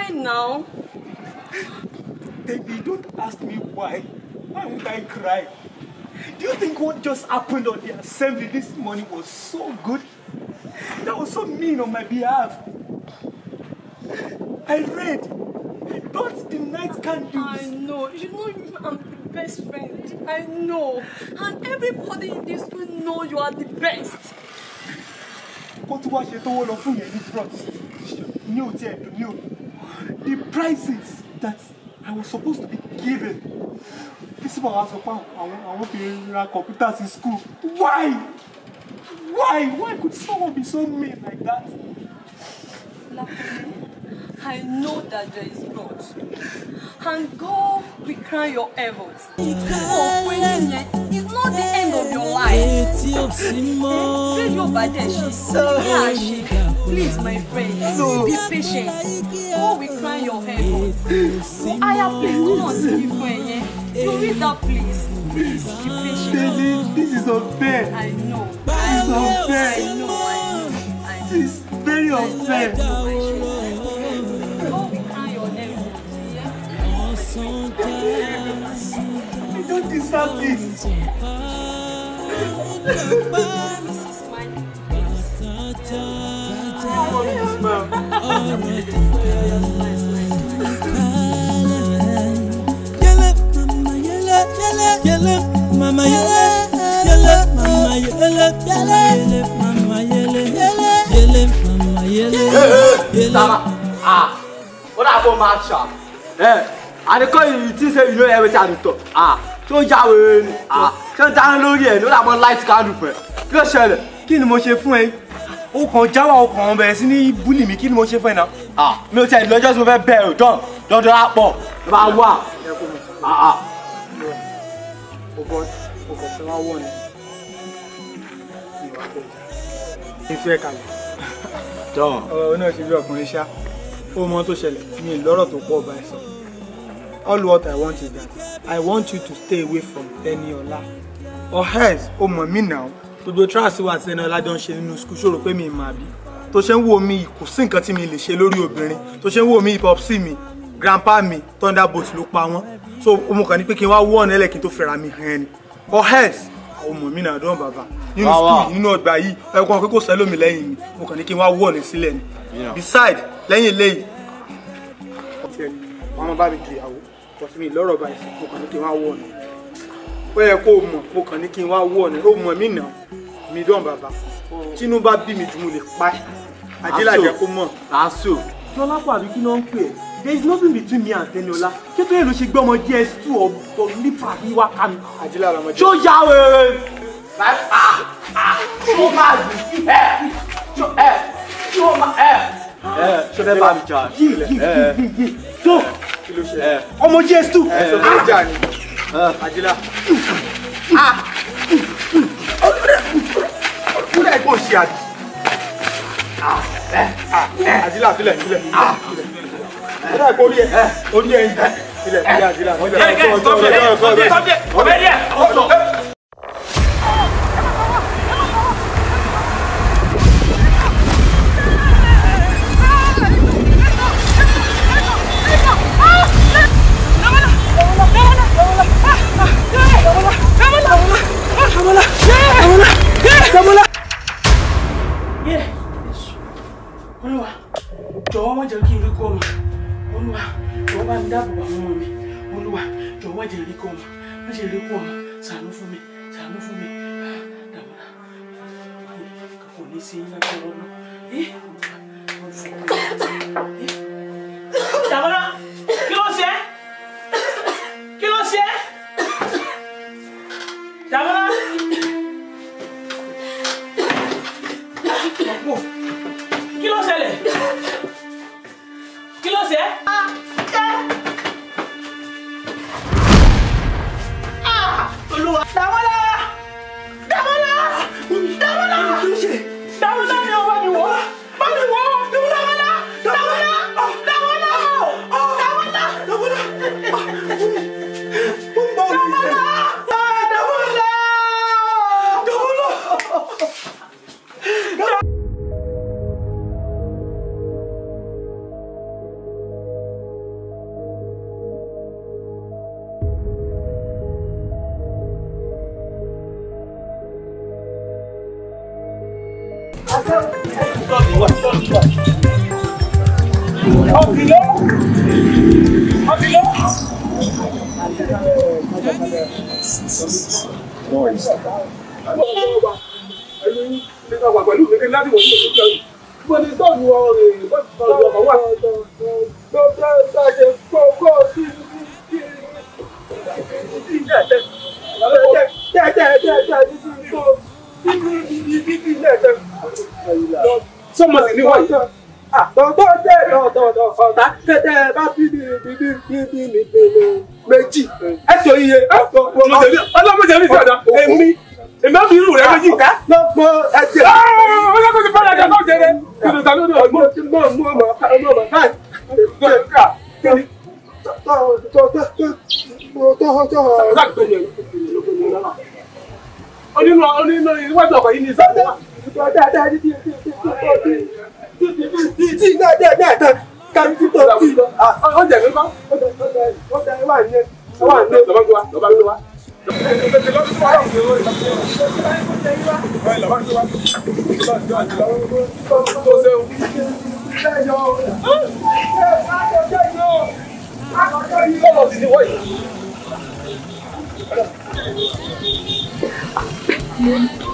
why now? Baby, don't ask me why. Why would I cry? Do you think what just happened on the assembly this morning was so good? That was so mean on my behalf. I read, but the don't deny candles. I know. You know I'm the best friend. I know. And everybody in this school know you are the best. Kó tí wàá ṣe tó wọ́n lọ front. Ní ò tiẹ̀ the prices that I was supposed to be given. Principal wa sọ pé àwọn àwọn fi ra computer sí school. Why? Why? Why could someone be so mean like that? I know that there is God. And God will crown your efforts. Ìkàlẹ̀ is not the end of your life. Etí ò sí mọ́. Ṣé yóò bá Please my friend, be patient. God will your favor. Mo higher place tó náà ti fi fún ẹ yẹn. You read that please. Please be patient. This is unfair. I know. This is unfair. I know. I know. I know. This is very unfair. I know. I should Don't you don't deserve this. this is my Come on, this man. <laughs> mama yele yele mama yele yele mama yele yele mama yele yele. ah what tó ya wèrè ni ṣé dáná lórí ẹ ló dàbọ̀ light candle fún ẹ kí ló ṣẹlẹ̀ kí ni mo ṣe fún ẹ o kàn jáwọ́ o kàn bẹ̀rẹ̀ sí ní búlì mi kí ni mo ṣe fún ẹ náà. Ah, mi ò tiẹ̀ lọ́jọ́ tí mo fẹ́ bẹ̀rù dán dandan á pọ̀ ló bá wà. ọkọ̀ tí wọ́n wọ̀ ni ìwà bẹ̀rẹ̀ ìfi ẹ̀ka lẹ̀. ọ̀rọ̀ náà ṣe bí ọkùnrin ṣá ó mọ tó ṣẹlẹ̀ mi lọ́rọ̀ tó pọ̀ báyìí sọ. all what I want is that I want you to stay away from Eniola or else ó mọ̀ mí now gbogbo tíráàsì wà tí Eniola jọ ń ṣe nínú skul ṣòro pé mi ì máa bí tó ṣe ń wò mí kò sí nǹkan tí mi lè ṣe lórí obìnrin tó ṣe ń wò mí hip hop sí mi grandpa mi thunderbolt ló pa wọn so mo kàn ní pé kí n wá wọ́n ẹlẹ́ kí tó fẹ́ra mi hàn ni or else àwọn ọmọ mi náà dán bàbá nínú school nínú ọgbà yìí ẹ̀kọ́ pé sẹ́lómi lẹ́yìn mi mo kàn ní kí n wá wọ́n sílẹ̀ ni beside lẹ́yìn eléyìí. wọn bá mi ju ìyàwó pọ̀ mi lọ́rọ̀ báyìí mo kàn ní kí n wá wọ́n ni ó yẹ kó mọ̀ mo kàn ní kí n wá wọ́n ni ó mọ̀ mí náà mi dán bàbá tinubu bí mi jù mo lè pa ẹ́ adélàjẹ kó mọ̀. aso Dọ́lápọ̀ àbí kí ló ń pè é there is nothing between me and Teniola ṣé tó yẹ ló ṣe gbé ọmọ gs2 ọ̀bọ̀ nípa ní wá ká mi. àjílá ọmọ jẹ. ṣó ya wẹrẹ. ṣó máa gbé ẹ ṣó ẹ ṣó máa ẹ. ẹ ṣó fẹ́ bá mi jà. yìí yìí yìí yìí tó ọmọ gs2. ẹ ṣó fẹ́ jà ni àjílá. ọ̀rẹ́ ẹ̀gbọ́n ṣe àdì àdìlà sílẹ̀ sílẹ̀ sílẹ̀ kó rí ẹ orí ẹ ń jẹ sílẹ̀ sílẹ̀ àdìlà sílẹ̀. sí yín lágbára ọ̀nà. Dàbọ́lá, kí ló ṣe? Kí ló ṣe? Dàbọ́lá. Kí ló ṣẹlẹ̀? Kí ló ṣe? Ah, ah, Olúwa. Dàbọ́lá. Dàbọ́lá. Dàbọ́lá. Ah, kí ló ṣe? Ọ̀bìlọ́. Thank you sọmọ sì ni wọ́n yìí. àtọ̀tọ̀ tẹ ọ̀tọ̀ọ̀tọ̀ ọ̀tá tẹ́tẹ́ bá bí bí bí bí bí mi bèrè méjì. ẹ tó iye ọlọ́mọdé mi sọ̀dọ̀ èmi èmi á fi irú rẹ méjì. ọ̀gá ló pọ̀ ẹ̀jẹ̀. ọlọ́mọ ti fọ́nà ẹ̀jẹ̀ náà jẹrẹ. kìlọ̀ ta ló dé ọ̀gbọ́n tí mo mú ọmọ ọmọ ọmọ káàkiri onínú onínú iwájú ọkọ yìí ni sábẹ́ ìjọ Thank you.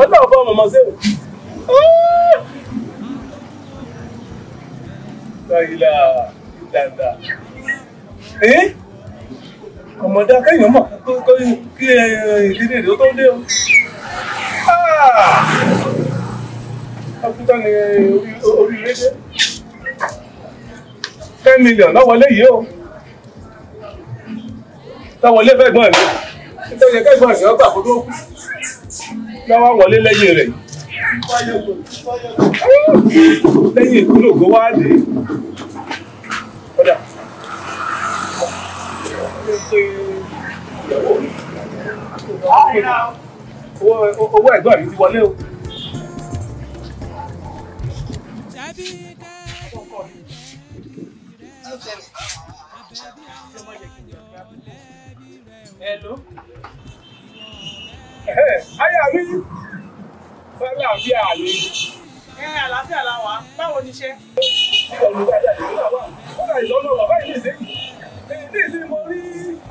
ọlọ́run bá mọ̀mọ́ sí ìlà ìdàgbà ọmọdé akẹ́yìn mọ̀ kí ìdílé ìdílé tó dé o ah! ọkùtọ́ ni orí rédé ten million lọ́wọ́lé yìí o lọ́wọ́lé fẹ́gbọ́n mi tó wọlé lẹ́yìn rẹ̀ lẹ́yìn ìkúlò kó wá dé owó ẹ̀gbọ́n mi ti wọlé o. Thank you. Hello. Ayé àmì sọ́lá àbí àlè. Ẹ àlàáfíà la wà, báwo ni iṣẹ́? Ọ̀nà ìdájà ìdílé wà, ó dà ìlọ́nà ọ̀rọ̀ báyìí ní ìsẹ́yìn. Èyí ní ìsìn mo rí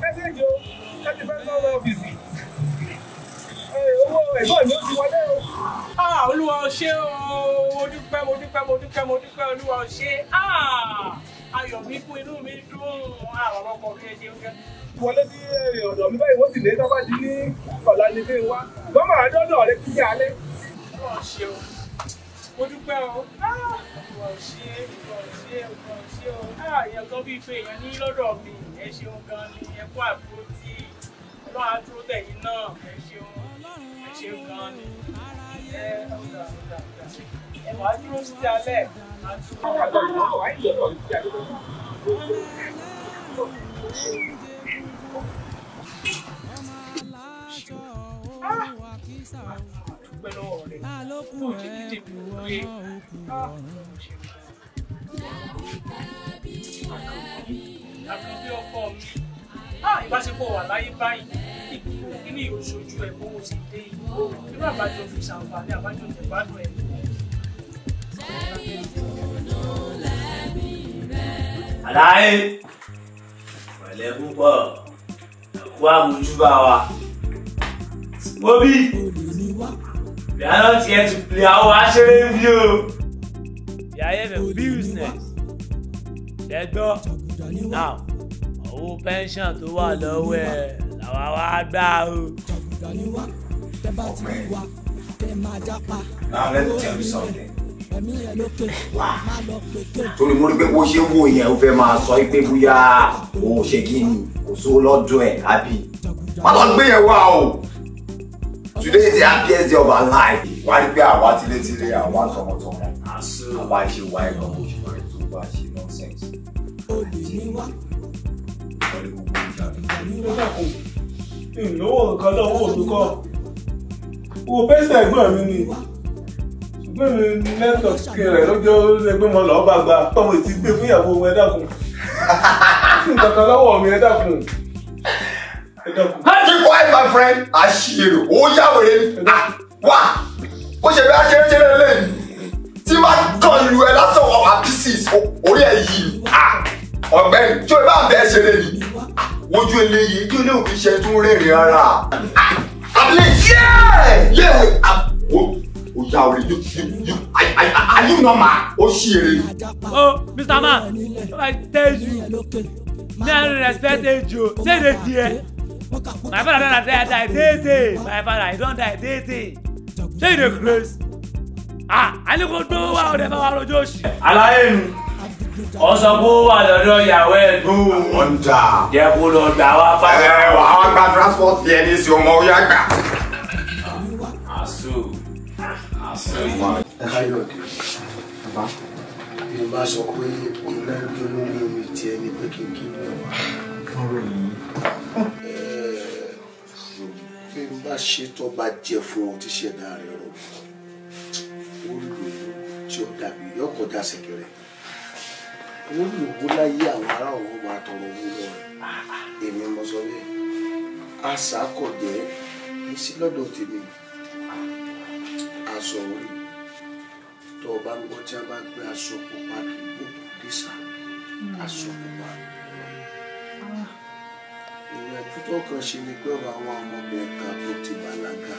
mẹ́sẹ̀gì o, ẹ ti fẹ́ sọ́nà ọ́fíìsì. Owó ẹ̀gbọ́n mi ó ti wọlé o. Olúwa o o, dúpẹ́, mo dúpẹ́, mo dúpẹ́, mo dúpẹ́, Olúwa o ah, Ayọ̀ mi kún inú mi dùn, àwọn ọmọkùnrin ẹ̀jẹ̀ wọlé sí eh, ọ̀dọ̀ mi báyìí wọ́n sì lé tọ́ba di ní ọ̀la ní ilé wa àádọ́dọ̀ rẹ títí alẹ́. ọ̀rọ̀ ṣe o mo dúpẹ́ o ah! ọ̀rọ̀ ṣe ọ̀rọ̀ ṣe ọ̀rọ̀ ṣe o ah, àyẹ̀ kan bíi pé èèyàn ní lọ́dọ̀ mi ẹ ṣeun gan ni ẹ kó àpótí ọlọ́run àdúró tẹ̀yìn náà ẹ ṣeun ẹ ṣeun gan ni ẹ ọ̀dà ọ̀dà ọ̀dà ẹ wàá dúró alẹ́ àdúró. dúpẹ́ lọ́wọ́ rẹ̀ tó ti ní tèmi ò pé àkànbí ọkọ mi ìbáṣepọ̀ wà láyé báyìí kíní ìròṣojú ẹ̀ bówó ti dé ìgbó nígbà àbájọ fi ṣàǹfààní àbájọ ìjẹ̀gbádùn ẹ̀ àlàyé pẹ̀lẹ́ púpọ̀ ẹ̀kú àmójúbà wa. Mobi, we are not here to play our Ashere you. We are here for business. Ẹgbọ́, now, owó pension tó wà lọ́wọ́ ẹ̀ làwa wá gbà o. Now let me tell you something. Wá, torí mo rí pé bó ṣe wò yẹn ó fẹ́ máa sọ pé bóyá o ṣe kí ni kò sówó lọ́dọ̀ ẹ̀ àbí. Má lọ gbé yẹn wá o today is the happiest day of our life wàá rí pé àwa ti lé ti lé àwa tọmọtọmọ àwa ṣe wá ẹ̀kọ́ bó ṣe máa tó bá ṣe nọ́ọ̀sẹ̀ǹsì. ìnáwó nǹkan lọ́wọ́ òdúkọ́ wo pẹ́sẹ̀ ẹ̀gbọ́n mi ni ṣùgbọ́n mi nẹ́tọ̀kì rẹ̀ lọ́jọ́ ẹgbẹ́ mọ́ lọ́ọ́ bá gba ọmọ ìtì gbé fún ìyàwó ọmọ ẹ̀dá kun <laughs> nǹkan kan lọ́wọ́ mi ẹ̀dá kun be quiet my friend àṣìrò ó yá wèrè ni ah, wá ó ṣe bí aṣeré lẹ́yìn tí má kàn lu ẹ lásán ọmọ pieces orí ẹ yìí ah, ọ̀gbẹ́ni tí o bá bẹ ṣeré ni wojú eléyìí kí olóòwò fi ṣe tún rẹ́rìn ara àlẹ yẹ yẹ o ya wèrè yóò yóò ayé nọmà ó ṣì èrè. o Mr. Man if I tell you me I no respect age o say dey there my father don die die day day my father he don die day day shey you dey craze ah ani ko do wa o de fa wa rojo osi. alaye mi ó sọ pé ó wà lọ́dọ̀ ìyàwó ẹ̀gbọ́n o. wọ́n jà. jẹ́ kó lọ gbà wá fáwọn. ẹ wà á gba transport yẹn ní sí ọmọ orí àgbà. àṣù àṣù ìwà. ẹ ká yọ̀ dé bàbá bí bá sọ pé iná gbé lórí omi tiẹ̀ ni pé kí n kí n lọ wá bá ṣe tó bá jẹ fún ọ tí ṣẹ̀dá rẹ rọ olùlòwò tí ó dàbí yọ kọjá sẹ̀kẹ̀rẹ̀ wọn lòwó láyé àwọn ará ọ̀hún máa tọrọ owó lọ rẹ èmi mo sọ bẹ́ẹ̀ àṣà kò jẹ́ èsì lọ́dọ̀ tèmi aṣọ orí tó o bá ń gbọ́ tí a bá gbé aṣọ pupa kì í gbòkú dísà aṣọ pupa tó kàn ṣe ni pé ọba àwọn ọmọbìnrin kan tó ti bàlágà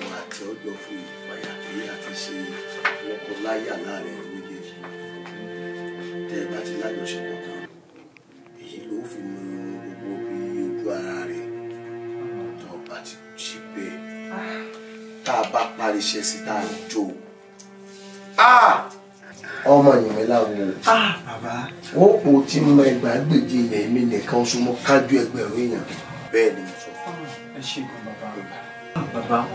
wọn àti ọjọ́ fún ìfàyà pé àti ṣe lọ́kọláyà láàrin méjèèjì tẹ́ ẹ bá ti lájọṣepọ̀ kan èyí ló fi mú gbogbo bí ojú ara rẹ̀ tó bá ti ṣe bẹ́ẹ̀ tá a bá parí iṣẹ́ sí tá a jó. Ah! ọmọ yìnbọn láwo ó pò tí mo ẹgbàá gbèjì yẹn mi nìkan so mo kájú ẹgbẹ̀rún èèyàn bẹ́ẹ̀ ni mo sọ. Ah, ẹ ṣe gan bàbá ah, bàbá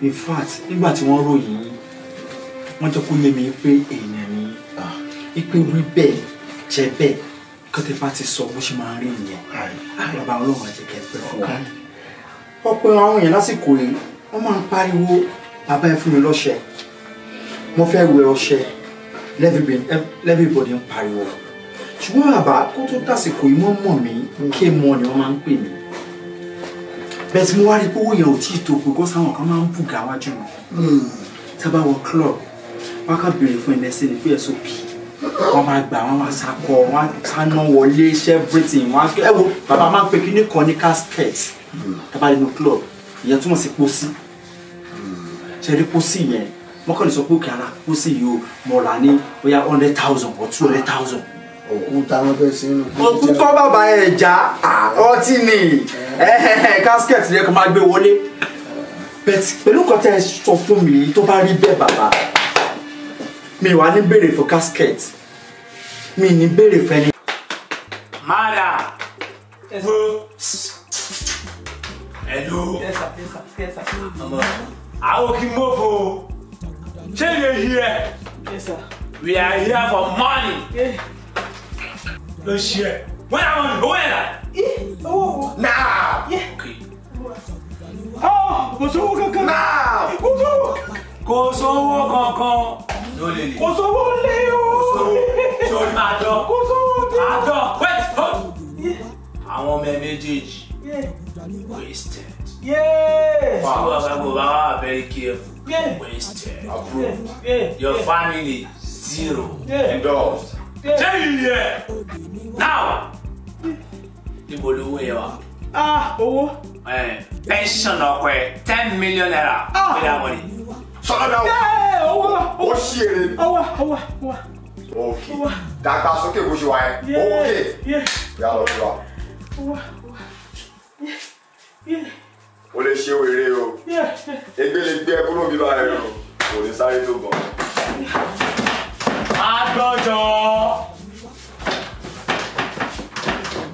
in fact nígbà tí wọ́n ròyìn wọ́n jẹ́ kó lé mi pé èèyàn ni ah. ipe wí bẹ́ẹ̀ jẹ́ bẹ́ẹ̀ kọ́tẹ́ bá ti sọ bó ṣe máa ń rí ìyẹn bàbá ọlọ́run àti kẹfẹ́ fún wa. ọ̀pọ̀ àwọn èèyàn lásìkò yìí wọ́n máa ń pariwo bàbá ẹ fún mi lọ́ṣẹ mo fẹ́ wẹ ọṣẹ lẹ́fìbọ̀dì ń pariwo ṣùgbọ́n bàbá kó tó dásìkò yìí wọ́n mọ̀ mí ké mọ́ ni wọ́n máa ń pè mí bẹ́ẹ̀ tí mo wá rí pé owó yẹn ò tí ì tó gbogbo sáwọn kan máa ń bù gà wájú mi hmm. tábà wọ club wọn kà béèrè fún ẹnẹsẹ ní psop wọn máa gbà wọn máa sakọ wọn sáná wọlé iṣẹ everything wọn ẹ wo bàbá máa ń pe kíní kan ní casket hmm. tábà nínú club ìyẹn túmọ̀ sí pósí hmm. ṣe rí pósí yẹn wọ́n kàn ní sọ pé òkè ara kó sì yìí mo rà ní bóyá one hundred thousand or two hundred thousand. òkúta wọn fẹ́ sínú. òkútọ́ bàbá ẹ̀já ọtí ni kásikẹ́ẹ̀tì rẹ kò máa gbé wọlé pẹ̀lú nǹkan tẹ́ ẹ sọ fún mi tó bá rí bẹ́ẹ̀ bàbá mi wà ní béèrè fún casket mi ní béèrè fún ẹni. mara wo hello àwọn kí n mọ̀ fún o. Say you're here. Yes, sir. We are here for money. Yeah. No shit. When I want to Oh. Now. Yeah. Okay. Oh, kò sówó kankan. Now. Kò sówó kankan. Kò sówó No lè lè. Kò sówó lé o. Kò sówó. Sori máa Wait, hold. Àwọn ọmọ ẹ méjèèjì. Wasted. Yes. Wow. You are very careful. Yeah. Wasted. Approved. Yeah. Your family zero. Yeah. Endorsed. Yeah. Now. Ibo lówó yẹn wà. Ah, oh. Eh, ẹ pension ọkọ ẹ eh, ten million naira. Ah. Wait that money. Sọlá náà. Yẹ́ẹ̀ owó. Ó ṣí èrè. Ọwọ́ ọwọ́ ọwọ́. Òkè. Dàgbà sókè bó ṣe wà yẹn. Owó kè. Yẹ́ẹ̀. Yàrá òkè wa. Owó owó. Yẹ́ẹ̀ o lè ṣe wèrè o egbe lè gbé ẹ kúrò rẹ o kò ní sáré tó gan. agbọ́jọ.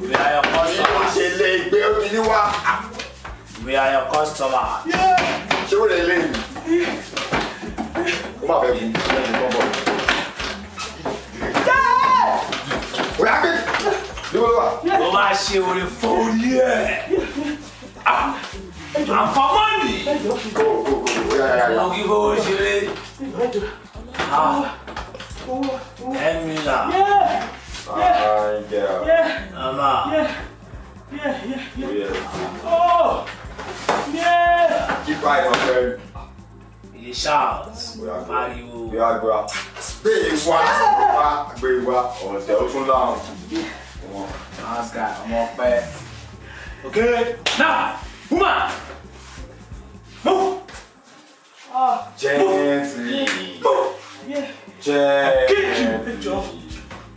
we are your customer. ṣe lè gbé obìnrin wá. we are your customer. ṣé o lè lè yìí. o máa fẹ́ mú ẹni tó ń bọ̀. o yà á gbé. ló máa ṣe orin fún yẹ. and for money. Go, go, go. Yeah, yeah, yeah. Don't give away Shire. Ah. Emila. Yeah. Yeah. Yeah. Yeah. Mama. Yeah. Yeah, yeah, yeah. yeah. Oh! Yeah! Keep right on, man. You shout. Mario. Yeah, bro. Big one. Big one. Oh, it's too long. Come on. Nice guy. I'm off back. Okay. Now, woman. Gently. Yeah. Gently.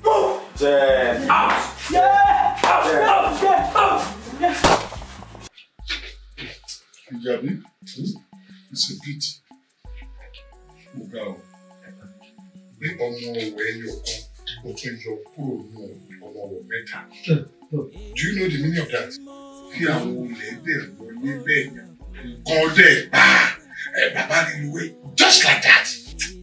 Move. Gently. Out. Yeah. Out. Out. Yeah. Out. Yeah. Ìjàbí, it's a pity. Mo ga o. Bí ọmọ ọ̀wẹ́ ẹyọ kan, o tún yọ kúrò nínú ọmọ ọ̀wẹ́ mẹ́ta. Do you know the meaning of that? Kí àwọn olè bẹ̀rù wọlé bẹ́ẹ̀ yẹn, kọ́ dẹ̀ gbà. Eh, bàbá rìnrìnwé just like that.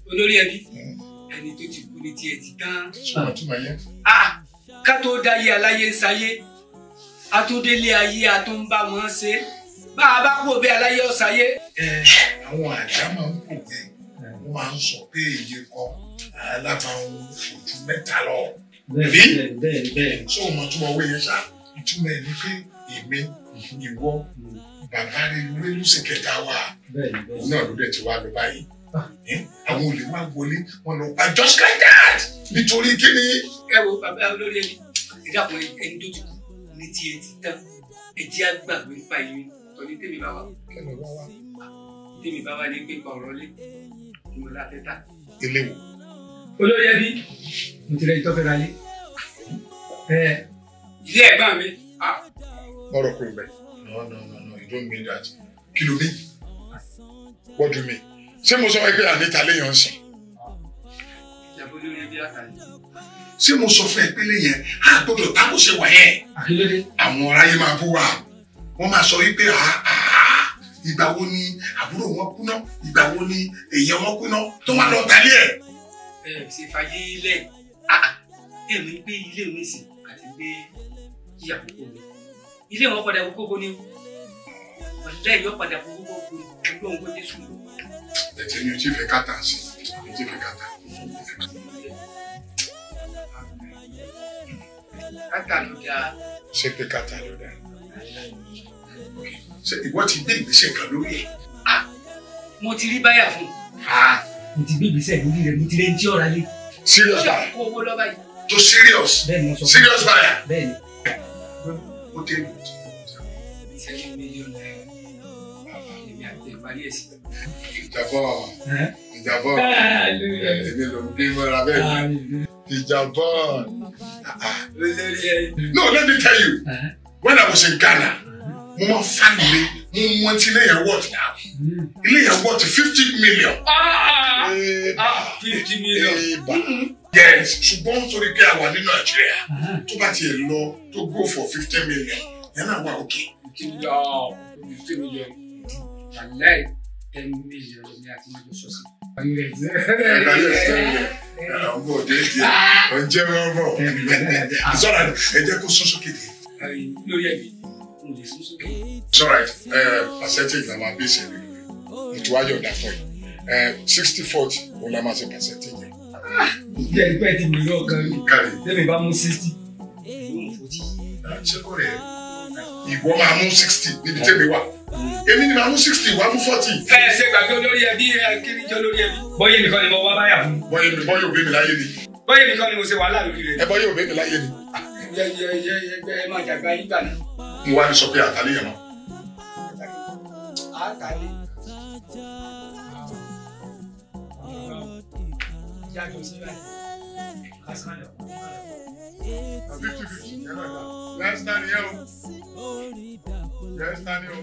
olórí ẹbí hmm. ẹni tó ti kú ní tiẹ̀ ti tán. túmọ̀ túmọ̀ yẹn. Ah, ká tó dáyé aláyé ń sayé atúndélé ayé atúnbá wọn ṣe bá a bá kúrò bí aláyé ọ̀sáyé. ẹ eh, àwọn àdá máa ń pò pé wọn máa ń sọ pé èyí kọ alábàáwọn ojú mẹ́ta lọ. bẹ́ẹ̀ bẹ́ẹ̀ bẹ́ẹ̀. sọ ma túmọ̀ owó yẹn sá ìtumọ̀ ẹ̀ ni pé èmi mhm. ìwọ mhm bàbá rẹ̀ olólùsè kẹta wa òun náà ló dẹ̀ ti wá lọ báyìí ah. àwọn olè wá wọlé wọn lọ pa just like that nítorí kí ni. ẹ wo bàbá olórí ẹni ìdàpọ̀ ẹni tó ti kú ní tiẹ̀ ti tán ẹjẹ́ àgbàgbé nípa ìlú tọ́ni tèmi bá wà. tèmi bá wà ní pé pa ọ̀rọ̀ lé mo la fẹ́ ta. ilé wo. olórí ẹbí mo ti rẹ ìtọ́fẹ́ ra yé. ilé ẹ̀gbọ́n mi. Ah. ọ̀rọ̀ kò bẹ̀ don't mean that kí ló mean what do you mean ṣé mo sọ fún ẹ pé àníta léèyàn ń sìn. ṣé mo sọ fún ẹ pé léèyàn á gbọ́dọ̀ tábò ṣe wà yẹn. àwọn aráyé máa bú wa wọ́n máa sọ wípé ìgbà wo ni àbúrò wọn kúná ìgbà wo ni èèyàn wọn kúná tó wá lọ tálé ẹ. ẹ ṣe fàyè ilé èmi gbé ilé mi sí àti gbé ìyàwó mi ilé wọn padà gbogbo ni o ọ̀sẹ̀ yóò padà fún gbogbo ẹgbẹ́ òun kó ẹ̀jẹ̀ ni o ti fẹ́ kàtà sí i o ti fẹ́ kàtà. kàtà ló dáa. ṣé pé kàtà ló dáa. ṣe ìwọ ti gbé ìgbésẹ̀ kan lórí ẹ̀. Ah, mo ti rí báyà fún. Ah. mo ti gbé ìgbésẹ̀ lórí rẹ̀ mo ti rẹ̀ ń tí ọ̀rá lé. serious báyà kó owó lọ báyìí. to serious. bẹ́ẹ̀ni mo sọ fún mi. serious báyà. bẹ́ẹ̀ni. mo tẹ́ ìlú ti. seven million naira parí ẹ̀ sí. ìjàbọ̀ ìjàbọ̀ èmi ah, ah. no let me tell you uh eh? -huh. when I was in Ghana mo máa fa nílé mo wọ́n ti ilé yẹn worth now hmm. ilé yẹn worth fifty million. Ah, eh, fifty million eh, mm-hmm. yes ṣùgbọ́n nítorí pé a wà ní nàìjíríà uh-huh. tó bá tiẹ̀ lọ tó go for fifty million yẹn náà wà òkè. Fifty million aláì tẹnu méjì ọdún ní àti mọ́jọ sọ́sì. ọmọ òde ìdí ẹ ń jẹ́ wọ́n bọ̀ sọ́ra ẹ jẹ́ kó sọ́sọ́ kéde. lórí ẹ̀mí mo lè sún sókè. sọ́ra ẹ percentage la máa bí ìṣẹ̀lẹ̀ lórí ètò ayọ̀ dàpọ̀ yìí sixty forty ó la máa ṣe percentage yẹn. ìjẹ́ ìpẹ́ ti mi lọ́ọ̀ kan rí tẹ́lẹ̀ bá mú sixty. ṣé kò rẹ̀ ìwọ máa mú sixty níbi tẹ́lẹ̀ wà èmi ni màá mú sixty wàá mú forty. ẹ ẹ ṣe gbàgbé olórí ẹbí ẹ kiri jẹ olórí ẹbí. bọ́yé nìkan ni mo wá báyà fún. bọ́yé mi bọ́yé òbí mi láyé ni. bọ́yé nìkan ni mo ṣe wàhálà lórí rẹ. ẹ bọ́yé òbí mi láyé ni. Ah, ẹ ẹ ẹ ẹ ẹ máa jàgbá yín gbà náà. mo wá ní sọ pé àtàlẹ́ yẹn mọ́. àtàlẹ́. last time yẹn Yes, Daniel.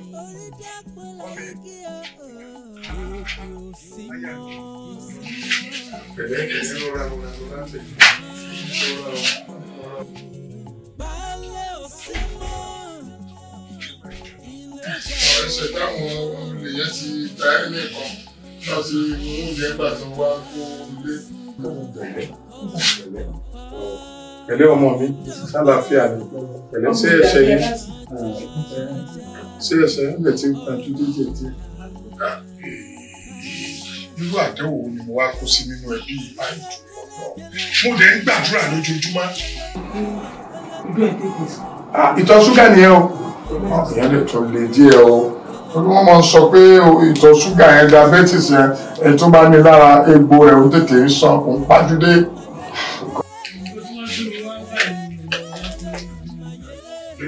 Ẹsẹ̀ táwọn olè yẹn ti ta ẹ́ nìkan náà ti mú oúnjẹ gbà tó wá kó ilé pẹ̀lẹ́ ọmọ mi ṣàlàáfíà ni pẹ̀lẹ́ ṣé ẹ̀ṣẹ̀ yìí ṣé ẹ̀ṣẹ̀ yìí lè ti ń tajú dídè díẹ̀. irú àdéhùn wo ni mo wá kó sí nínú ẹbí báyìí mo dẹ̀ ń gbàdúrà lójoojúmọ́. ìtọ̀ ṣúgà nìyẹn o ìyẹn lè tọ́ lè díẹ̀ o torí wọ́n máa ń sọ pé ìtọ̀ ṣúgà yẹn diabetes yẹn èyí tó bá ní lára egbò rẹ̀ ó tètè ń san òun pàjùdé.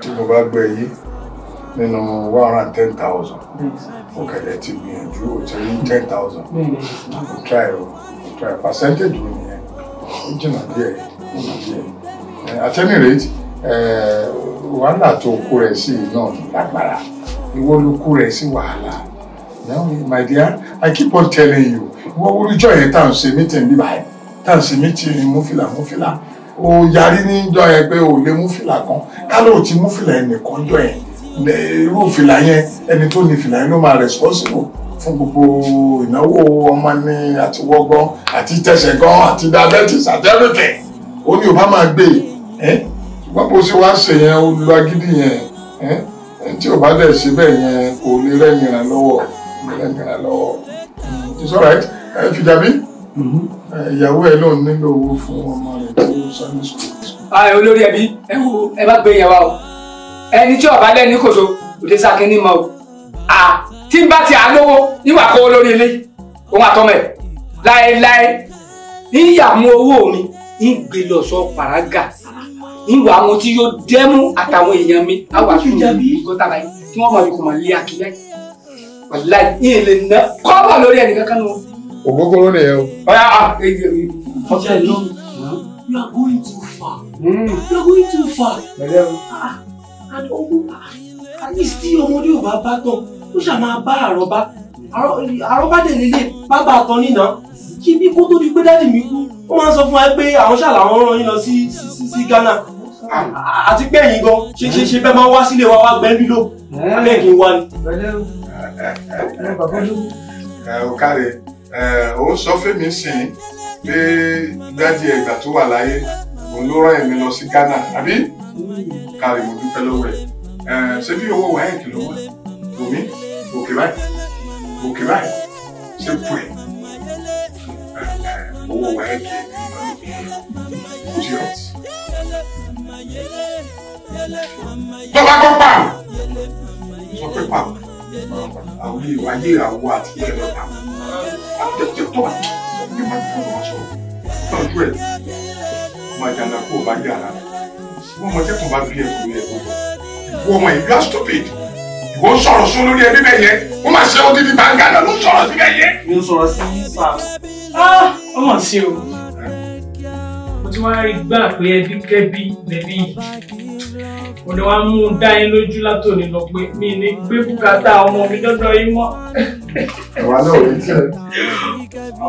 tí mo bá gbẹ yìí nínú one hundred and ten thousand òkèlè ti gbìyànjú ó ti rí ten thousand kò try o kò try percentage mi nìyẹn ó jìnnà díẹ̀ jìnnà díẹ̀ at any rate wàhálà tó kó rẹ̀ sí náà lágbára ìwọ ló kó rẹ̀ sí wàhálà now my dear i keep on telling you ìwọ orí jọ yẹn tá à ń ṣe meeting bíbáyìí tá à ń ṣe mítìrì múfìlà múfìlà ó yarí níjọ yẹn pé ò lè múfìlà kan kálọ̀ tí múfìlà ẹnìkan jọ yẹn irú fìlà yẹn ẹni tó ní fìlà yẹn ló máa responsible fún gbogbo ìnáwó ọmọ ní àtiwọ́gbọ́n àti tẹ̀sẹ̀ gan àti diabetes àti everything ó ní òbá máa gbé e, ṣùgbọ́n bó ṣe wá ṣe yẹn ó lọ yẹn ẹni tí ò bá dẹ̀ ṣe bẹ́ẹ̀ yẹn kò lè rẹ́yìn ràn lọ́wọ́ lè rẹ́yìn ràn lọ́wọ́ ẹ fìjà bí ìyàwó ẹ lóun nílò owó fún ọmọ rẹ tó sunday school. ayọ̀ olórí ẹbí ẹ wo ẹ bá gbé yẹn wá o ẹni tí ọba lẹ́ni kòso òde sáké ní ma o à tí n bá ti à lówó níwà kọ́ lórí ilé òun àtọ́mọ̀ ẹ̀ láéláé níyàmú owó mi ń gbé lọ sọ pàrágà níwà àwọn tí yóò dẹ́mú àtàwọn èèyàn mi àwọn àfihàn mi kọ́ tàbá yìí tí wọ́n máa fi kò máa lé akíyá yìí ògógóró nìyẹn o. ọ̀sẹ̀ ah, ló you are going too far. Mm. you are going too far. pẹ̀lẹ́ o. Ah, and ogun oh, ah, at least tí ọmọdé ò bá bá tán ó ṣà máa bá àrọ́bá àrọ́bá dẹ̀ lélẹ̀ bábà tán nínà kí bí kó tó di pé dáàdì mi kú ó máa ń sọ fún wa pé àwọn ṣà làwọn rán yín lọ sí sí Ghana àti pé ẹ̀yin gan ṣe ṣe ṣe bẹ́ẹ̀ máa wá sílé wa wá gbẹ́ lílò hmm. alẹ́ kì í wá ni. ẹ ò káre òun sọ fẹ́mi sìn pé dájú ẹgbà tó wà láyé òun ló rán èmi lọ sí Ghana àbí kárí mo dúpẹ́ lọ́wọ́ ẹ̀ ṣé bí owó wáyé kìlọ̀ wá omi òkè báyìí òkè báyìí ṣé pù ẹ̀ owó wáyé kì í ṣe ọtí. tọ́ba kọ́ pàm sọ pé pàm àwọn ìwáyé ìràwọ̀ àti ìrẹ̀lọ́ta àtẹ̀tẹ̀ tó wà ní máa ń wọn sọ̀rọ̀ tọ́jú ẹ̀ máa jàǹdà kó o bá jàǹdà wọ́n mọ tẹ́tùn bá bí ẹ̀kọ́ yẹ kó bọ̀ ìwọ ọmọ ìgbà stupid ìwọ sọ̀rọ̀ sún lórí ẹbí bẹ́ẹ̀ yẹn wọ́n máa ṣe odidi gbàngàn náà ló sọ̀rọ̀ sí bẹ́ẹ̀ yẹn. mi ò sọ̀rọ̀ sí sáà ọmọ sí o mo ti wá rí gbà pé ẹbí kẹ́bí lẹ́bí mo ní wá mú un dá yín lójú látòní lọ pé mi ní gbé bùkátà ọmọ mi dọ́dọ̀ yín mọ́. ìwà náà ò ní tẹ.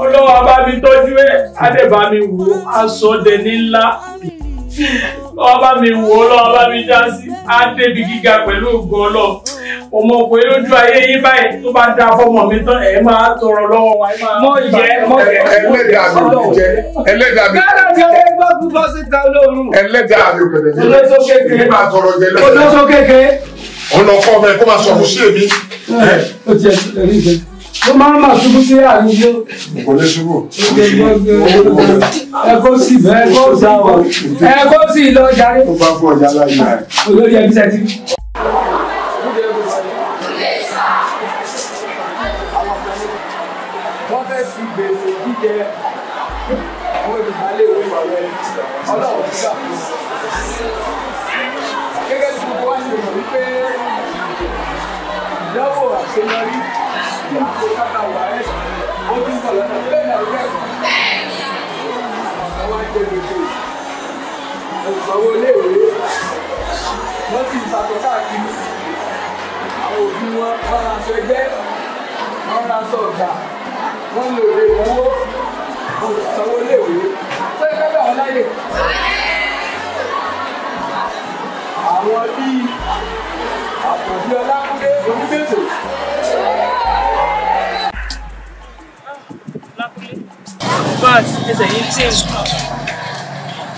ọlọ́wọ́ bá mi tọ́jú ẹ̀ adébá mi wò aṣọ dẹ̀ ní ńlá mi wò lọ́wọ́ mi já sí á gíga pẹ̀lú ògo ọlọ́ọ̀ ọmọkùnrin lójú ayé yín báyìí tó bá dá fọmọ mi tán ẹ máa tọrọ lọ́wọ́ wa ẹ máa. mọ yẹ mọ yẹ ẹlẹ́dàá mi ò jẹ ẹlẹ́dàá mi. káàdà tí ọlẹ́ gbọ́ gbọ́ síta olóòórùn. ẹlẹ́dàá mi ò pẹ̀lẹ́ jẹ olóso máa tọrọ jẹ lẹ́dàá. olóso kékeré. ọ̀nà ọkọ mi kó máa sọ fún sí èmi. ó ti ẹ̀ lórí ìgbẹ́ ló máa ń máa ṣubú sí àárín igbó. kò lè ṣubú. ẹkọ sì bẹ sì lọ jàre. ó bá fún ọjà láyé. olórí ẹbí sẹ́tì. ṣẹgbẹ́ wọ́n ra sọ ọ̀gá lò lè wúwo kò sanwó léwé ṣé ẹgbẹ́ bá wọn láyè. àwọn bíi àpòjù ọlákúndé onígbèsè. but ẹsẹ̀ yìí tí ń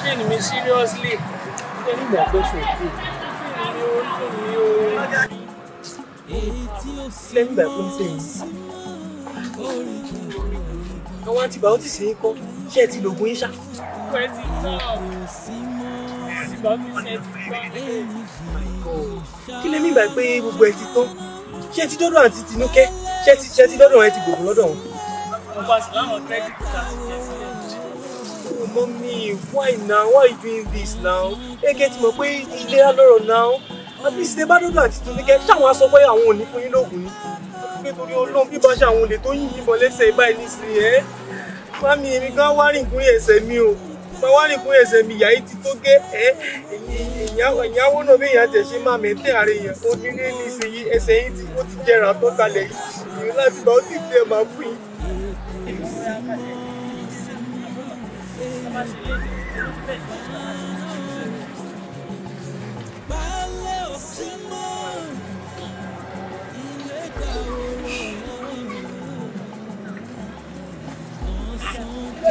pain mi seriously ó ní ìgbà pé ṣòkò pain mi ó pain mi ó lẹ́yìn ìgbà tó ń sè yín. àwọn antibiotics yín kọ́ ṣé ẹ ti lo oògùn yín ṣá. ìwé ti tọ́ kí lè mí gbà pé gbogbo ẹ ti tán ṣé ẹ ti dọ́dọ̀ àti tinúkẹ́ ṣé ti ti dọ́dọ̀ ẹ ti gbòògùn lọ́dọ̀ wọn. ọba oh, àṣìlá Mommy, why now? Why you doing this now? Ẹ kẹ́ ti mọ̀ pé ilé á lọ́rọ̀ now at least ẹ bá àti tùnúkẹ́ ṣáwọn aṣọ pé àwọn ò ní fún yín lóògùn ni nítorí olóhùn bíbá ṣe àwọn olè tó yìn yín bọ̀ lẹ́sẹ̀ ẹni sí ẹ́ mami èmi gan wá rìn kúrin ẹsẹ̀ mi o mo wá rìn kúrin ẹsẹ̀ mi ìyá ti tó gé ẹ ìyàwó náà bí ìyá ṣe máa mẹ́tẹ́ ààrẹ yẹn ó ní lé ní sí yìí ẹsẹ̀ yìí tí ó ti jẹrà tó kalẹ̀ yìí láti bá ó sì fi ẹ̀ Thank you.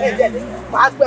ẹ jẹ máa pẹ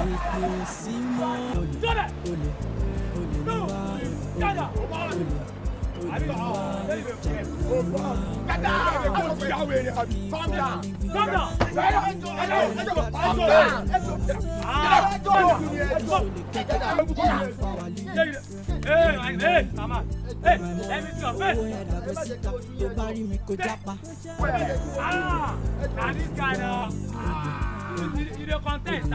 kò jápa. ah na this guy na. You don't contest.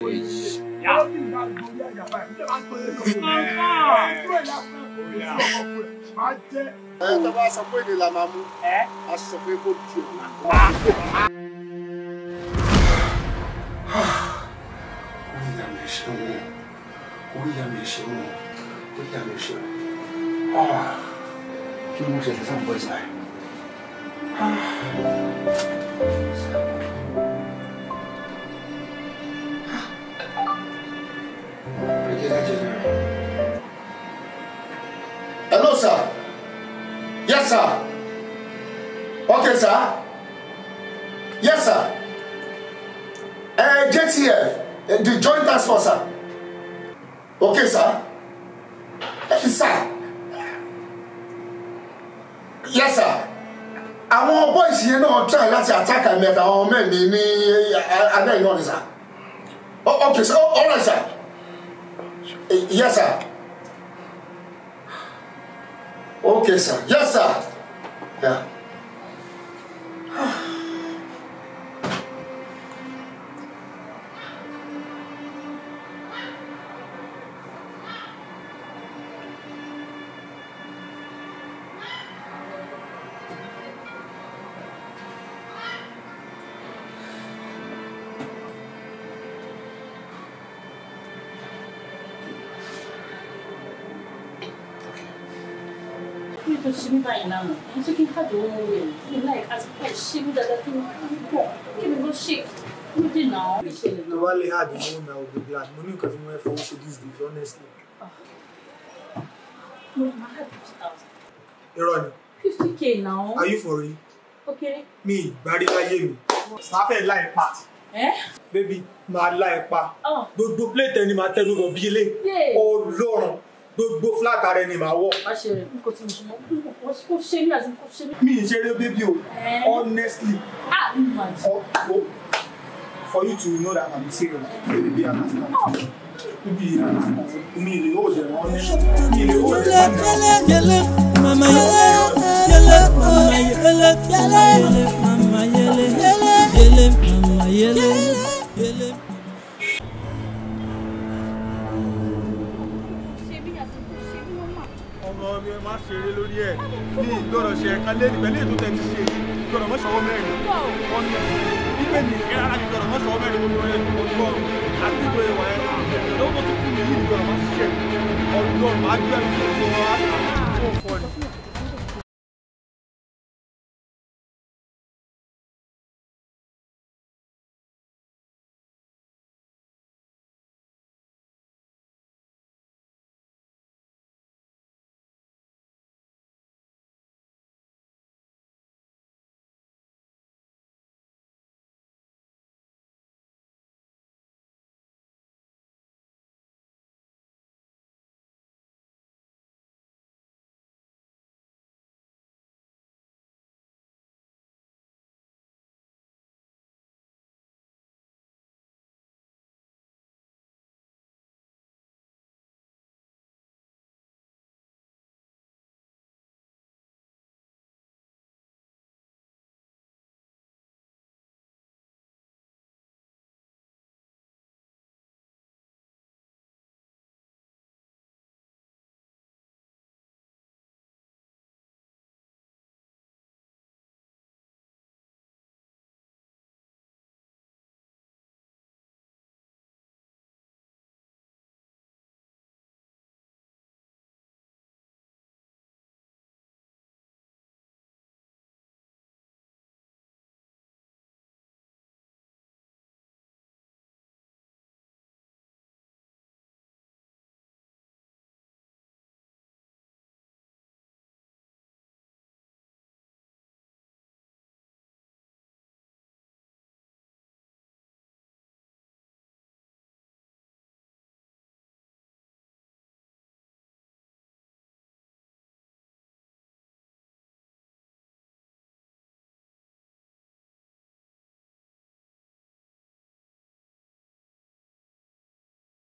ẹ tó bá sọ pé èdè la máa mú a sọ pé kó ju ẹ. oríyá mi ṣe wọn oríyá mi ṣe wọn oríyá mi ṣe wọn kí ló ń ṣẹlẹ̀ sáà ń bọ̀ ìsàlẹ̀. sir. Okay, sir. Yes, sir. Uh, JTF, uh, the Joint Task Force, sir. Okay, sir. Yes, sir. Yes, sir. Àwọn boys yẹn náà try láti attack àmì ẹ̀ka àwọn ọmọ ẹ̀mí ní alẹ́ ìnáwó ni sir. Okay, sir. All right, sir. Yes, sir. Okay, sir. Yes, sir. Yeah. innan. Jag tycker inte att du är Like, alltså, shimmy that I think, can we go shake? We did now. Nobody had his own, I would for this day, honestly. No, I had 50,000. Irọ́ ni. 50k now. Are you for real? Okay. Me, Barry Layemi. Máa fẹ́ láì pa. Bébí, máa Do pa. Gbogbo plate ẹni máa tẹnu bọ̀ bí ilé. Ọlọ́run gbogbo flat ara ẹni màá wọ̀. mi ì ṣeré bébí o honestly ah, oh, oh. for you to know that i'm serious baby i'm not serious mi ì lè ó jẹ wọn ní mi ì lè ó jẹ wọn ní. yẹlẹ mama yẹlẹ yẹlẹ mama yẹlẹ yẹlẹ mama yẹlẹ. mi ẹ má ṣeré lórí ẹ̀ ní ìgbọ́dọ̀ ṣe ẹ̀ka lé pẹ̀lú ètò tẹ̀ ti ṣe ìgbọ́dọ̀ mọ́ṣọ́wọ́ mẹ́rin wọ́n ní wípé ní ìṣẹ́ra láti gbọ́dọ̀ mọ́ṣọ́wọ́ mẹ́rin gbogbo ẹ̀ gbogbo àti ìwé ìwà ẹ̀ lọ́wọ́ tó fún mi yìí ìgbọ́dọ̀ má ṣiṣẹ́ ọdún ọ̀rọ̀ má gbẹ̀rù tó wọ́n á kà á tó fọ́ ni.